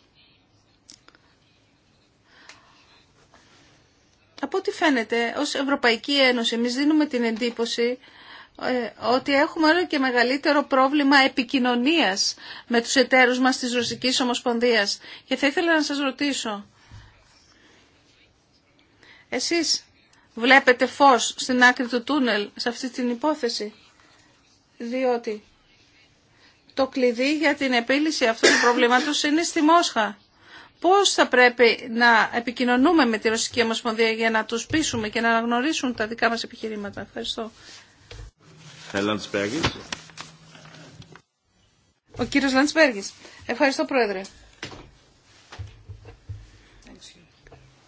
από ό,τι φαίνεται, ως Ευρωπαϊκή Ένωση, εμείς δίνουμε την εντύπωση ε, ότι έχουμε όλο και μεγαλύτερο πρόβλημα επικοινωνίας με τους εταίρους μας της Ρωσικής Ομοσπονδίας. Και θα ήθελα να σας ρωτήσω, εσείς βλέπετε φως στην άκρη του τούνελ σε αυτή την υπόθεση, διότι το κλειδί για την επίλυση αυτού του προβλήματος είναι στη Μόσχα. Πώς θα πρέπει να επικοινωνούμε με τη Ρωσική Ομοσπονδία για να τους πείσουμε και να αναγνωρίσουν τα δικά μας επιχειρήματα. Ευχαριστώ. Ο κύριος Λαντσπέργης. Ευχαριστώ Πρόεδρε.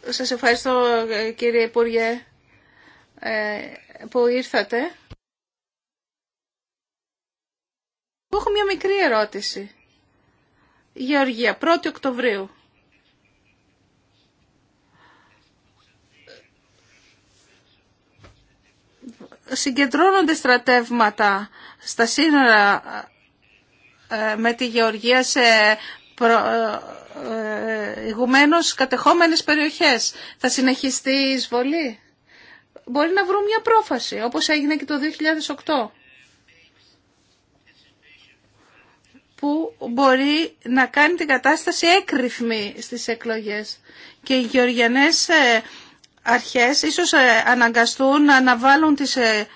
Σας ευχαριστώ κύριε Υπουργέ ε, που ήρθατε. Εγώ έχω μια μικρή ερώτηση. Γεωργία, 1η Οκτωβρίου. Συγκεντρώνονται στρατεύματα στα σύνορα ε, με τη Γεωργία σε προ, ε, ηγουμένως κατεχόμενες περιοχές. Θα συνεχιστεί η εισβολή. Μπορεί να βρουν μια πρόφαση, όπως έγινε και το 2008. που μπορεί να κάνει την κατάσταση έκρυφμη στις εκλογές. Και οι γεωργιανές ε, αρχές ίσως ε, αναγκαστούν να αναβάλουν τις ε,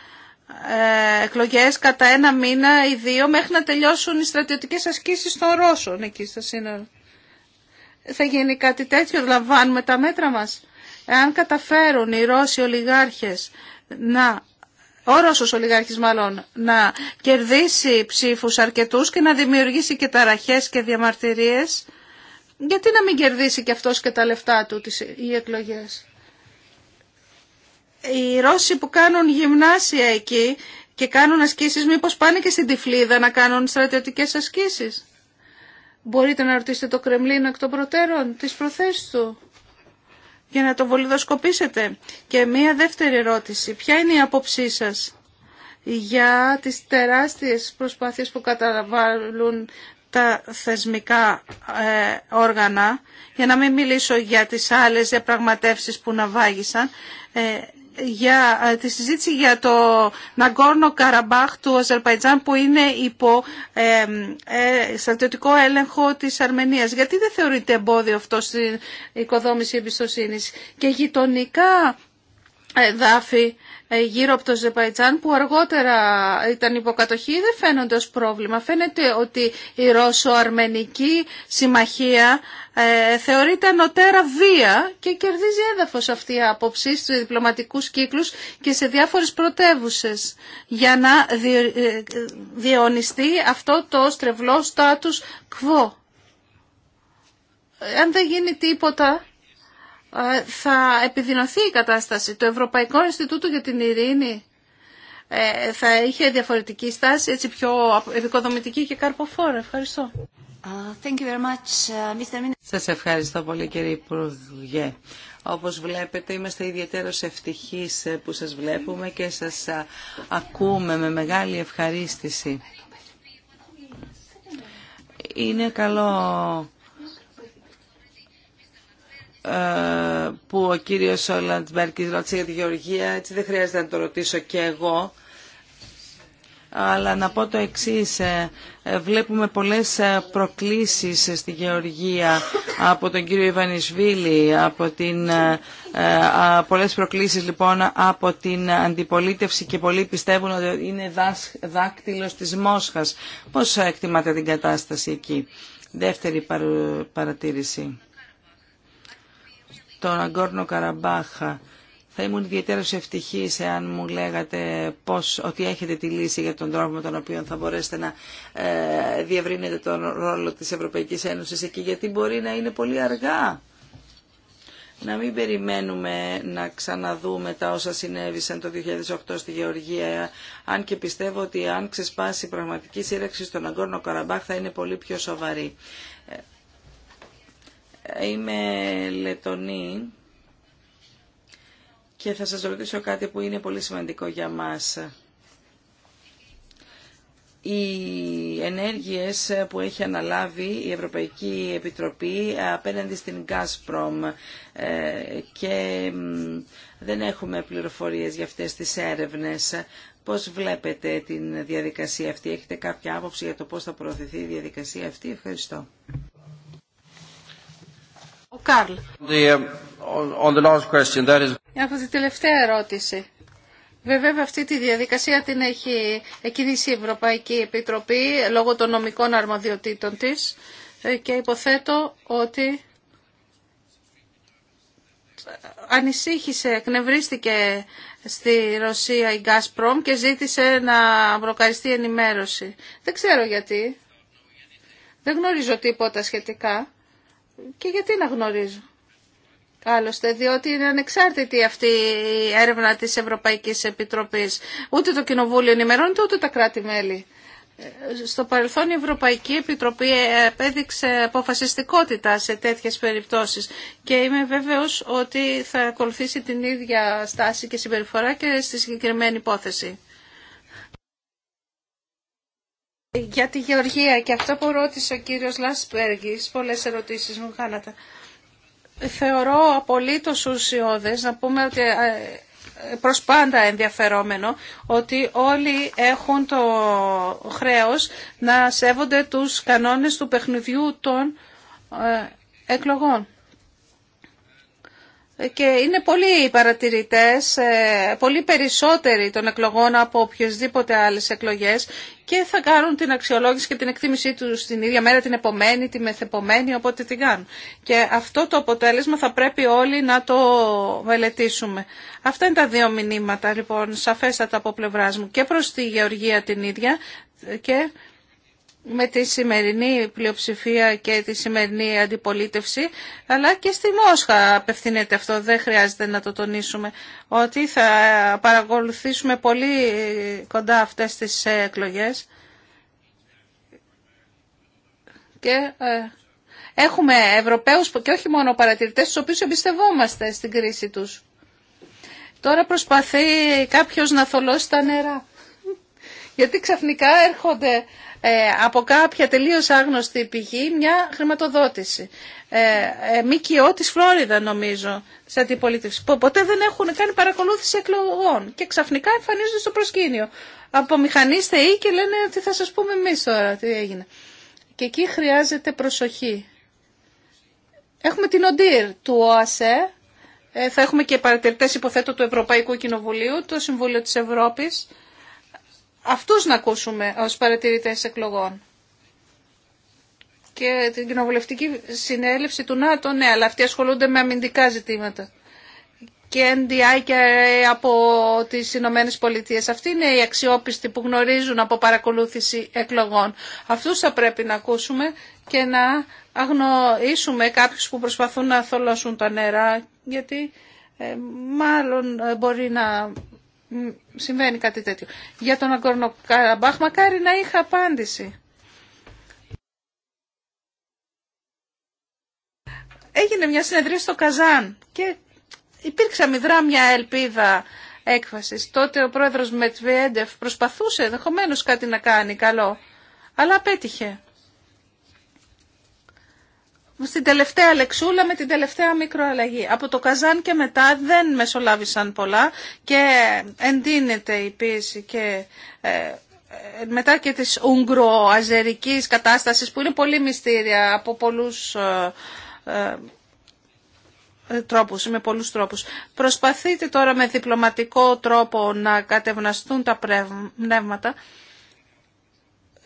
εκλογές κατά ένα μήνα ή δύο μέχρι να τελειώσουν οι στρατιωτικές ασκήσεις των Ρώσων εκεί στα σύνορα. Θα γίνει κάτι τέτοιο, λαμβάνουμε τα μέτρα μας. Εάν καταφέρουν οι Ρώσοι ολιγάρχες να όρος ο ολιγάρχης μάλλον να κερδίσει ψήφους αρκετούς και να δημιουργήσει και ταραχές και διαμαρτυρίες γιατί να μην κερδίσει και αυτός και τα λεφτά του τις, οι εκλογές. Οι Ρώσοι που κάνουν γυμνάσια εκεί και κάνουν ασκήσεις μήπως πάνε και στην Τυφλίδα να κάνουν στρατιωτικές ασκήσεις. Μπορείτε να ρωτήσετε το Κρεμλίνο εκ των προτέρων τις προθέσεις του για να το βολιδοσκοπήσετε. Και μία δεύτερη ερώτηση. Ποια είναι η απόψή σας για τις τεράστιες προσπάθειες που καταβάλουν τα θεσμικά ε, όργανα, για να μην μιλήσω για τις άλλες διαπραγματεύσεις που ναυάγησαν, ε, για ε, τη συζήτηση για το Ναγκόρνο Καραμπάχ του Αζερπαϊτζάν που είναι υπό ε, ε, στρατιωτικό έλεγχο της Αρμενίας. Γιατί δεν θεωρείται εμπόδιο αυτό στην οικοδόμηση εμπιστοσύνης και γειτονικά εδάφη ε, γύρω από το Ζεπαϊτζάν που αργότερα ήταν υποκατοχή δεν φαίνονται ως πρόβλημα. Φαίνεται ότι η Ρώσο-Αρμενική Συμμαχία ε, θεωρείται ανωτέρα βία και κερδίζει έδαφος αυτή η άποψη στους διπλωματικούς κύκλους και σε διάφορες πρωτεύουσε για να ε, διαιωνιστεί αυτό το στρεβλό στάτους κβό. Αν δεν γίνει τίποτα ε, θα επιδεινωθεί η κατάσταση. Το Ευρωπαϊκό Ινστιτούτο για την Ειρήνη ε, θα είχε διαφορετική στάση, έτσι πιο επικοδομητική και καρποφόρα. Ευχαριστώ. Thank you very much, ε, Mr. Σας ευχαριστώ πολύ κύριε Υπουργέ. Όπως βλέπετε είμαστε ιδιαίτερα ευτυχείς που σας βλέπουμε και σας ακούμε με μεγάλη ευχαρίστηση. Είναι καλό ε, που ο κύριος Μπέρκης ρώτησε για τη Γεωργία, έτσι δεν χρειάζεται να το ρωτήσω και εγώ. Αλλά να πω το εξής, ε, ε, βλέπουμε πολλές προκλήσεις στη Γεωργία από τον κύριο Ιβανισβίλη, από την, πολλές προκλήσεις λοιπόν από την αντιπολίτευση και πολλοί πιστεύουν ότι είναι δάκτυλος της Μόσχας. Πώς εκτιμάτε την κατάσταση εκεί. Δεύτερη παρατήρηση τον Αγκόρνο Καραμπάχα. Θα ήμουν ιδιαίτερα ευτυχή εάν μου λέγατε πώς, ότι έχετε τη λύση για τον τρόπο με τον οποίο θα μπορέσετε να ε, διευρύνετε τον ρόλο της Ευρωπαϊκής Ένωσης εκεί, γιατί μπορεί να είναι πολύ αργά. Να μην περιμένουμε να ξαναδούμε τα όσα συνέβησαν το 2008 στη Γεωργία, αν και πιστεύω ότι αν ξεσπάσει η πραγματική σύρεξη στον Αγκόρνο Καραμπάχ θα είναι πολύ πιο σοβαρή. Είμαι Λετωνή και θα σας ρωτήσω κάτι που είναι πολύ σημαντικό για μας. Οι ενέργειες που έχει αναλάβει η Ευρωπαϊκή Επιτροπή απέναντι στην Gazprom ε, και δεν έχουμε πληροφορίες για αυτές τις έρευνες. Πώς βλέπετε την διαδικασία αυτή, έχετε κάποια άποψη για το πώς θα προωθηθεί η διαδικασία αυτή. Ευχαριστώ. Ο Καρλ. Αυτή uh, τη τελευταία ερώτηση. Βέβαια αυτή τη διαδικασία την έχει εκκίνησει η Ευρωπαϊκή Επιτροπή λόγω των νομικών αρμοδιοτήτων της ε, και υποθέτω ότι ανησύχησε, εκνευρίστηκε στη Ρωσία η Γκάσπρομ και ζήτησε να μπροκαριστεί ενημέρωση. Δεν ξέρω γιατί. Δεν γνωρίζω τίποτα σχετικά. Και γιατί να γνωρίζω. Άλλωστε, διότι είναι ανεξάρτητη αυτή η έρευνα της Ευρωπαϊκής Επιτροπής. Ούτε το Κοινοβούλιο ενημερώνεται, ούτε τα κράτη-μέλη. Στο παρελθόν η Ευρωπαϊκή Επιτροπή επέδειξε αποφασιστικότητα σε τέτοιες περιπτώσεις και είμαι βέβαιος ότι θα ακολουθήσει την ίδια στάση και συμπεριφορά και στη συγκεκριμένη υπόθεση. Για τη Γεωργία και αυτό που ρώτησε ο κύριος Λάσπεργης, πολλές ερωτήσεις μου κάνατε. Θεωρώ απολύτως ουσιώδες να πούμε ότι ε, ε, προς πάντα ενδιαφερόμενο ότι όλοι έχουν το χρέος να σέβονται τους κανόνες του παιχνιδιού των ε, εκλογών και είναι πολλοί οι παρατηρητές, ε, πολύ περισσότεροι των εκλογών από οποιασδήποτε άλλες εκλογές και θα κάνουν την αξιολόγηση και την εκτίμησή τους την ίδια μέρα, την επομένη, τη μεθεπομένη, οπότε την κάνουν. Και αυτό το αποτέλεσμα θα πρέπει όλοι να το μελετήσουμε. Αυτά είναι τα δύο μηνύματα, λοιπόν, σαφέστατα από πλευρά μου και προς τη Γεωργία την ίδια και με τη σημερινή πλειοψηφία και τη σημερινή αντιπολίτευση, αλλά και στη Μόσχα απευθύνεται αυτό, δεν χρειάζεται να το τονίσουμε, ότι θα παρακολουθήσουμε πολύ κοντά αυτές τις ε, εκλογές. Και ε, έχουμε Ευρωπαίους και όχι μόνο παρατηρητές, τους οποίους εμπιστευόμαστε στην κρίση τους. Τώρα προσπαθεί κάποιος να θολώσει τα νερά. Γιατί ξαφνικά έρχονται ε, από κάποια τελείως άγνωστη πηγή μια χρηματοδότηση. Ε, ε, ΜΚΟ της Φλόριδα νομίζω, της αντιπολίτευσης, που ποτέ δεν έχουν κάνει παρακολούθηση εκλογών και ξαφνικά εμφανίζονται στο προσκήνιο. μηχανίστε ή και λένε τι θα σας πούμε εμείς τώρα, τι έγινε. Και εκεί χρειάζεται προσοχή. Έχουμε την ΟΝΤΙΡ του ΟΑΣΕ, ε, θα έχουμε και παρατηρητές υποθέτω του Ευρωπαϊκού Κοινοβουλίου, το Συμβούλιο της Ευρώπης, αυτούς να ακούσουμε ως παρατηρητές εκλογών. Και την κοινοβουλευτική συνέλευση του ΝΑΤΟ, ναι, αλλά αυτοί ασχολούνται με αμυντικά ζητήματα. Και NDI και από τις Ηνωμένε Πολιτείες. Αυτοί είναι οι αξιόπιστοι που γνωρίζουν από παρακολούθηση εκλογών. Αυτούς θα πρέπει να ακούσουμε και να αγνοήσουμε κάποιους που προσπαθούν να θολώσουν τα νερά, γιατί ε, μάλλον ε, μπορεί να συμβαίνει κάτι τέτοιο. Για τον Αγκόρνο Καραμπάχ μακάρι να είχα απάντηση. Έγινε μια συνεδρία στο Καζάν και υπήρξε αμυδρά μια ελπίδα έκφαση. Τότε ο πρόεδρος Μετβιέντεφ προσπαθούσε ενδεχομένω κάτι να κάνει καλό, αλλά απέτυχε στην τελευταία λεξούλα με την τελευταία μικροαλλαγή. Από το Καζάν και μετά δεν μεσολάβησαν πολλά και εντείνεται η πίεση και ε, ε, μετά και της Ουγγρο-Αζερικής κατάστασης που είναι πολύ μυστήρια από πολλούς ε, τρόπους, με πολλούς τρόπους. Προσπαθείτε τώρα με διπλωματικό τρόπο να κατευναστούν τα πνεύματα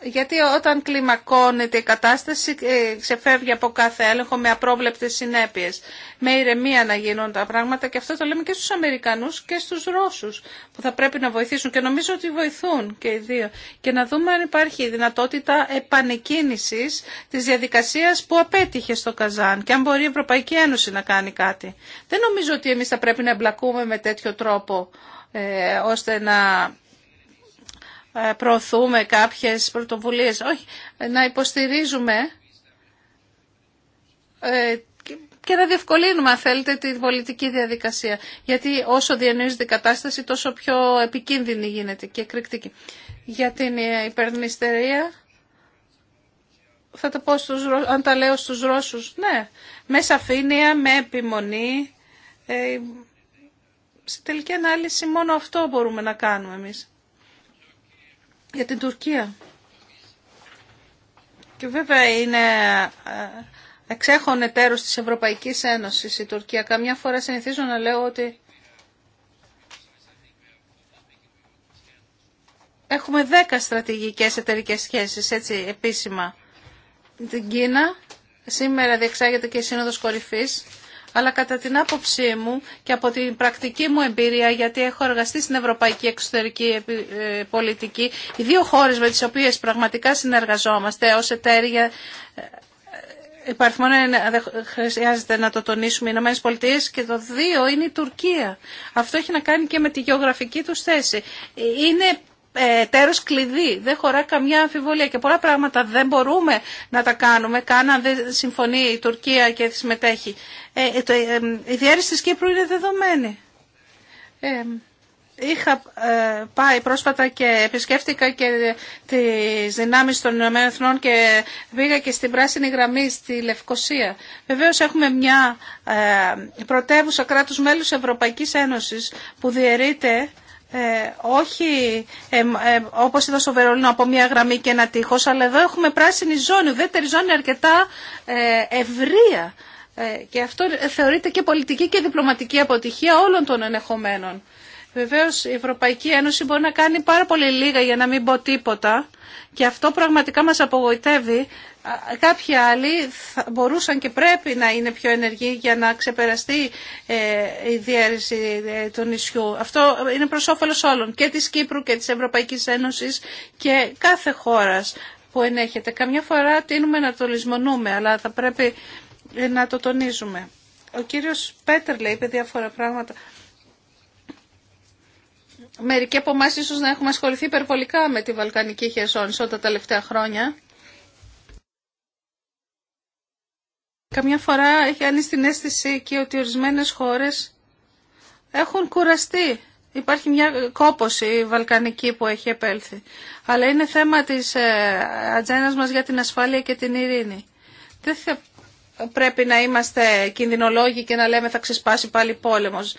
γιατί όταν κλιμακώνεται η κατάσταση ε, ξεφεύγει από κάθε έλεγχο με απρόβλεπτες συνέπειες. Με ηρεμία να γίνουν τα πράγματα και αυτό το λέμε και στους Αμερικανούς και στους Ρώσους που θα πρέπει να βοηθήσουν και νομίζω ότι βοηθούν και οι δύο. Και να δούμε αν υπάρχει δυνατότητα επανεκκίνησης της διαδικασίας που απέτυχε στο Καζάν και αν μπορεί η Ευρωπαϊκή Ένωση να κάνει κάτι. Δεν νομίζω ότι εμείς θα πρέπει να εμπλακούμε με τέτοιο τρόπο ε, ώστε να ε, προωθούμε κάποιες πρωτοβουλίες. Όχι, να υποστηρίζουμε ε, και να διευκολύνουμε, αν θέλετε, την πολιτική διαδικασία. Γιατί όσο διανύζεται η κατάσταση, τόσο πιο επικίνδυνη γίνεται και εκρηκτική. Για την υπερνηστερία, θα το πω στους, αν τα λέω στους Ρώσους, ναι, με σαφήνεια, με επιμονή. Ε, σε τελική ανάλυση μόνο αυτό μπορούμε να κάνουμε εμείς για την Τουρκία. Και βέβαια είναι ε, εξέχον εταίρος της Ευρωπαϊκής Ένωσης η Τουρκία. Καμιά φορά συνηθίζω να λέω ότι έχουμε δέκα στρατηγικές εταιρικές σχέσεις, έτσι επίσημα. Την Κίνα, σήμερα διεξάγεται και η Σύνοδος Κορυφής αλλά κατά την άποψή μου και από την πρακτική μου εμπειρία, γιατί έχω εργαστεί στην ευρωπαϊκή εξωτερική ε, πολιτική, οι δύο χώρες με τις οποίες πραγματικά συνεργαζόμαστε ως εταίρια ε, ε, δεν χρειάζεται να το τονίσουμε, οι Ηνωμένε Πολιτείε και το δύο είναι η Τουρκία. Αυτό έχει να κάνει και με τη γεωγραφική του θέση. Είναι ε, τέρος κλειδί. Δεν χωρά καμιά αμφιβολία και πολλά πράγματα δεν μπορούμε να τα κάνουμε καν δεν συμφωνεί η Τουρκία και συμμετέχει. Ε, ε, η διαίρεση της Κύπρου είναι δεδομένη. είχα πάει πρόσφατα και επισκέφτηκα και τις δυνάμεις των ΗΠΑ και πήγα και στην πράσινη γραμμή στη Λευκοσία. Βεβαίως έχουμε μια πρωτεύουσα κράτους μέλους Ευρωπαϊκής Ένωσης που διαιρείται ε, όχι ε, ε, όπως είδα στο Βερολίνο από μια γραμμή και ένα τείχος, αλλά εδώ έχουμε πράσινη ζώνη, ουδέτερη ζώνη αρκετά ε, ευρεία. Ε, και αυτό θεωρείται και πολιτική και διπλωματική αποτυχία όλων των ενεχομένων. Βεβαίω, η Ευρωπαϊκή Ένωση μπορεί να κάνει πάρα πολύ λίγα για να μην πω τίποτα και αυτό πραγματικά μας απογοητεύει. Κάποιοι άλλοι θα μπορούσαν και πρέπει να είναι πιο ενεργοί για να ξεπεραστεί ε, η διαίρεση ε, του νησιού. Αυτό είναι προς όφελος όλων και της Κύπρου και της Ευρωπαϊκής Ένωσης και κάθε χώρας που ενέχεται. Καμιά φορά τίνουμε να το λησμονούμε, αλλά θα πρέπει να το τονίζουμε. Ο κύριος Πέτερ λέει είπε διάφορα πράγματα. Μερικοί από εμά ίσως να έχουμε ασχοληθεί υπερβολικά με τη Βαλκανική Χερσόνησο τα τελευταία χρόνια. Καμιά φορά έχει κάνει την αίσθηση και ότι ορισμένες χώρες έχουν κουραστεί. Υπάρχει μια κόπωση βαλκανική που έχει επέλθει. Αλλά είναι θέμα της ε, ατζέντα μας για την ασφάλεια και την ειρήνη. Δεν πρέπει να είμαστε κινδυνολόγοι και να λέμε θα ξεσπάσει πάλι πόλεμος.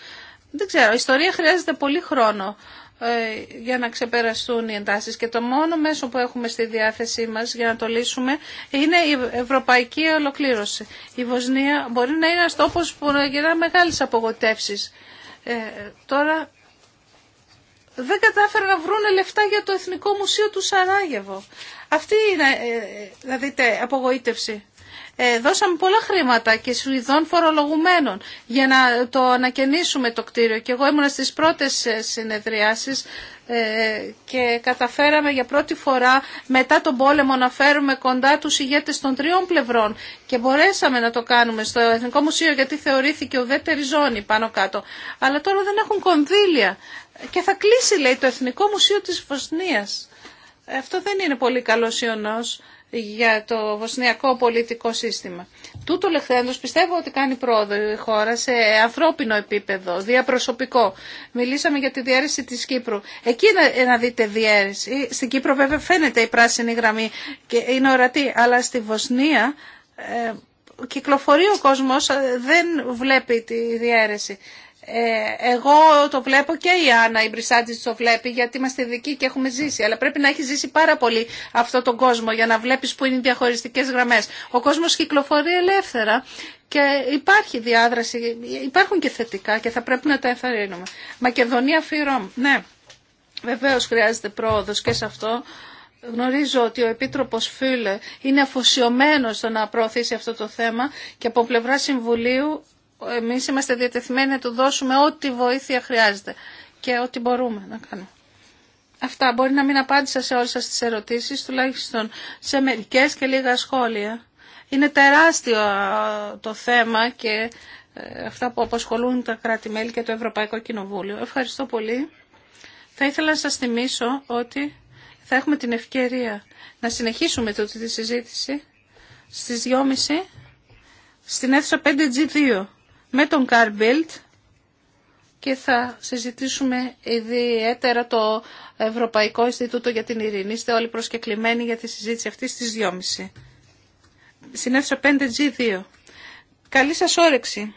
Δεν ξέρω, η ιστορία χρειάζεται πολύ χρόνο ε, για να ξεπεραστούν οι εντάσεις και το μόνο μέσο που έχουμε στη διάθεσή μας για να το λύσουμε είναι η ευρωπαϊκή ολοκλήρωση. Η Βοσνία μπορεί να είναι ένας τόπος που γυρνά μεγάλες απογοητεύσεις. Ε, τώρα δεν κατάφεραν να βρουν λεφτά για το Εθνικό Μουσείο του Σαράγεβο. Αυτή είναι, να ε, δείτε, δηλαδή, απογοήτευση. Ε, δώσαμε πολλά χρήματα και Σουηδών φορολογουμένων για να το ανακαινήσουμε το κτίριο. Και εγώ ήμουνα στις πρώτες ε, συνεδριάσεις ε, και καταφέραμε για πρώτη φορά μετά τον πόλεμο να φέρουμε κοντά τους ηγέτες των τριών πλευρών και μπορέσαμε να το κάνουμε στο Εθνικό Μουσείο γιατί θεωρήθηκε ουδέτερη ζώνη πάνω κάτω. Αλλά τώρα δεν έχουν κονδύλια και θα κλείσει λέει το Εθνικό Μουσείο της Βοσνίας. Αυτό δεν είναι πολύ καλό ιονός για το βοσνιακό πολιτικό σύστημα. Τούτο λεχθέντο πιστεύω ότι κάνει πρόοδο η χώρα σε ανθρώπινο επίπεδο, διαπροσωπικό. Μιλήσαμε για τη διαίρεση της Κύπρου. Εκεί ε, να, δείτε διαίρεση. Στην Κύπρο βέβαια φαίνεται η πράσινη γραμμή και είναι ορατή, αλλά στη Βοσνία... Ε, κυκλοφορεί ο κόσμος, ε, δεν βλέπει τη διαίρεση. Ε, εγώ το βλέπω και η Άννα η Μπρισάντης το βλέπει γιατί είμαστε ειδικοί και έχουμε ζήσει. Αλλά πρέπει να έχει ζήσει πάρα πολύ αυτόν τον κόσμο για να βλέπει που είναι οι διαχωριστικές γραμμές. Ο κόσμο κυκλοφορεί ελεύθερα και υπάρχει διάδραση, υπάρχουν και θετικά και θα πρέπει να τα ενθαρρύνουμε. Μακεδονία Φιρόμ, ναι, βεβαίω χρειάζεται πρόοδο και σε αυτό. Γνωρίζω ότι ο Επίτροπος Φίλε είναι αφοσιωμένος στο να προωθήσει αυτό το θέμα και από πλευρά Συμβουλίου εμείς είμαστε διατεθειμένοι να του δώσουμε ό,τι βοήθεια χρειάζεται και ό,τι μπορούμε να κάνουμε. Αυτά μπορεί να μην απάντησα σε όλες σας τις ερωτήσεις, τουλάχιστον σε μερικές και λίγα σχόλια. Είναι τεράστιο το θέμα και ε, αυτά που αποσχολούν τα κράτη-μέλη και το Ευρωπαϊκό Κοινοβούλιο. Ευχαριστώ πολύ. Θα ήθελα να σας θυμίσω ότι θα έχουμε την ευκαιρία να συνεχίσουμε τούτη τη συζήτηση στις 2.30 στην αίθουσα 5G2 με τον κάρβελτ και θα συζητήσουμε ιδιαίτερα το Ευρωπαϊκό Ινστιτούτο για την Ειρηνή. Είστε όλοι προσκεκλημένοι για τη συζήτηση αυτή στις 2.30. Συνέφησα 5G2. Καλή σας όρεξη.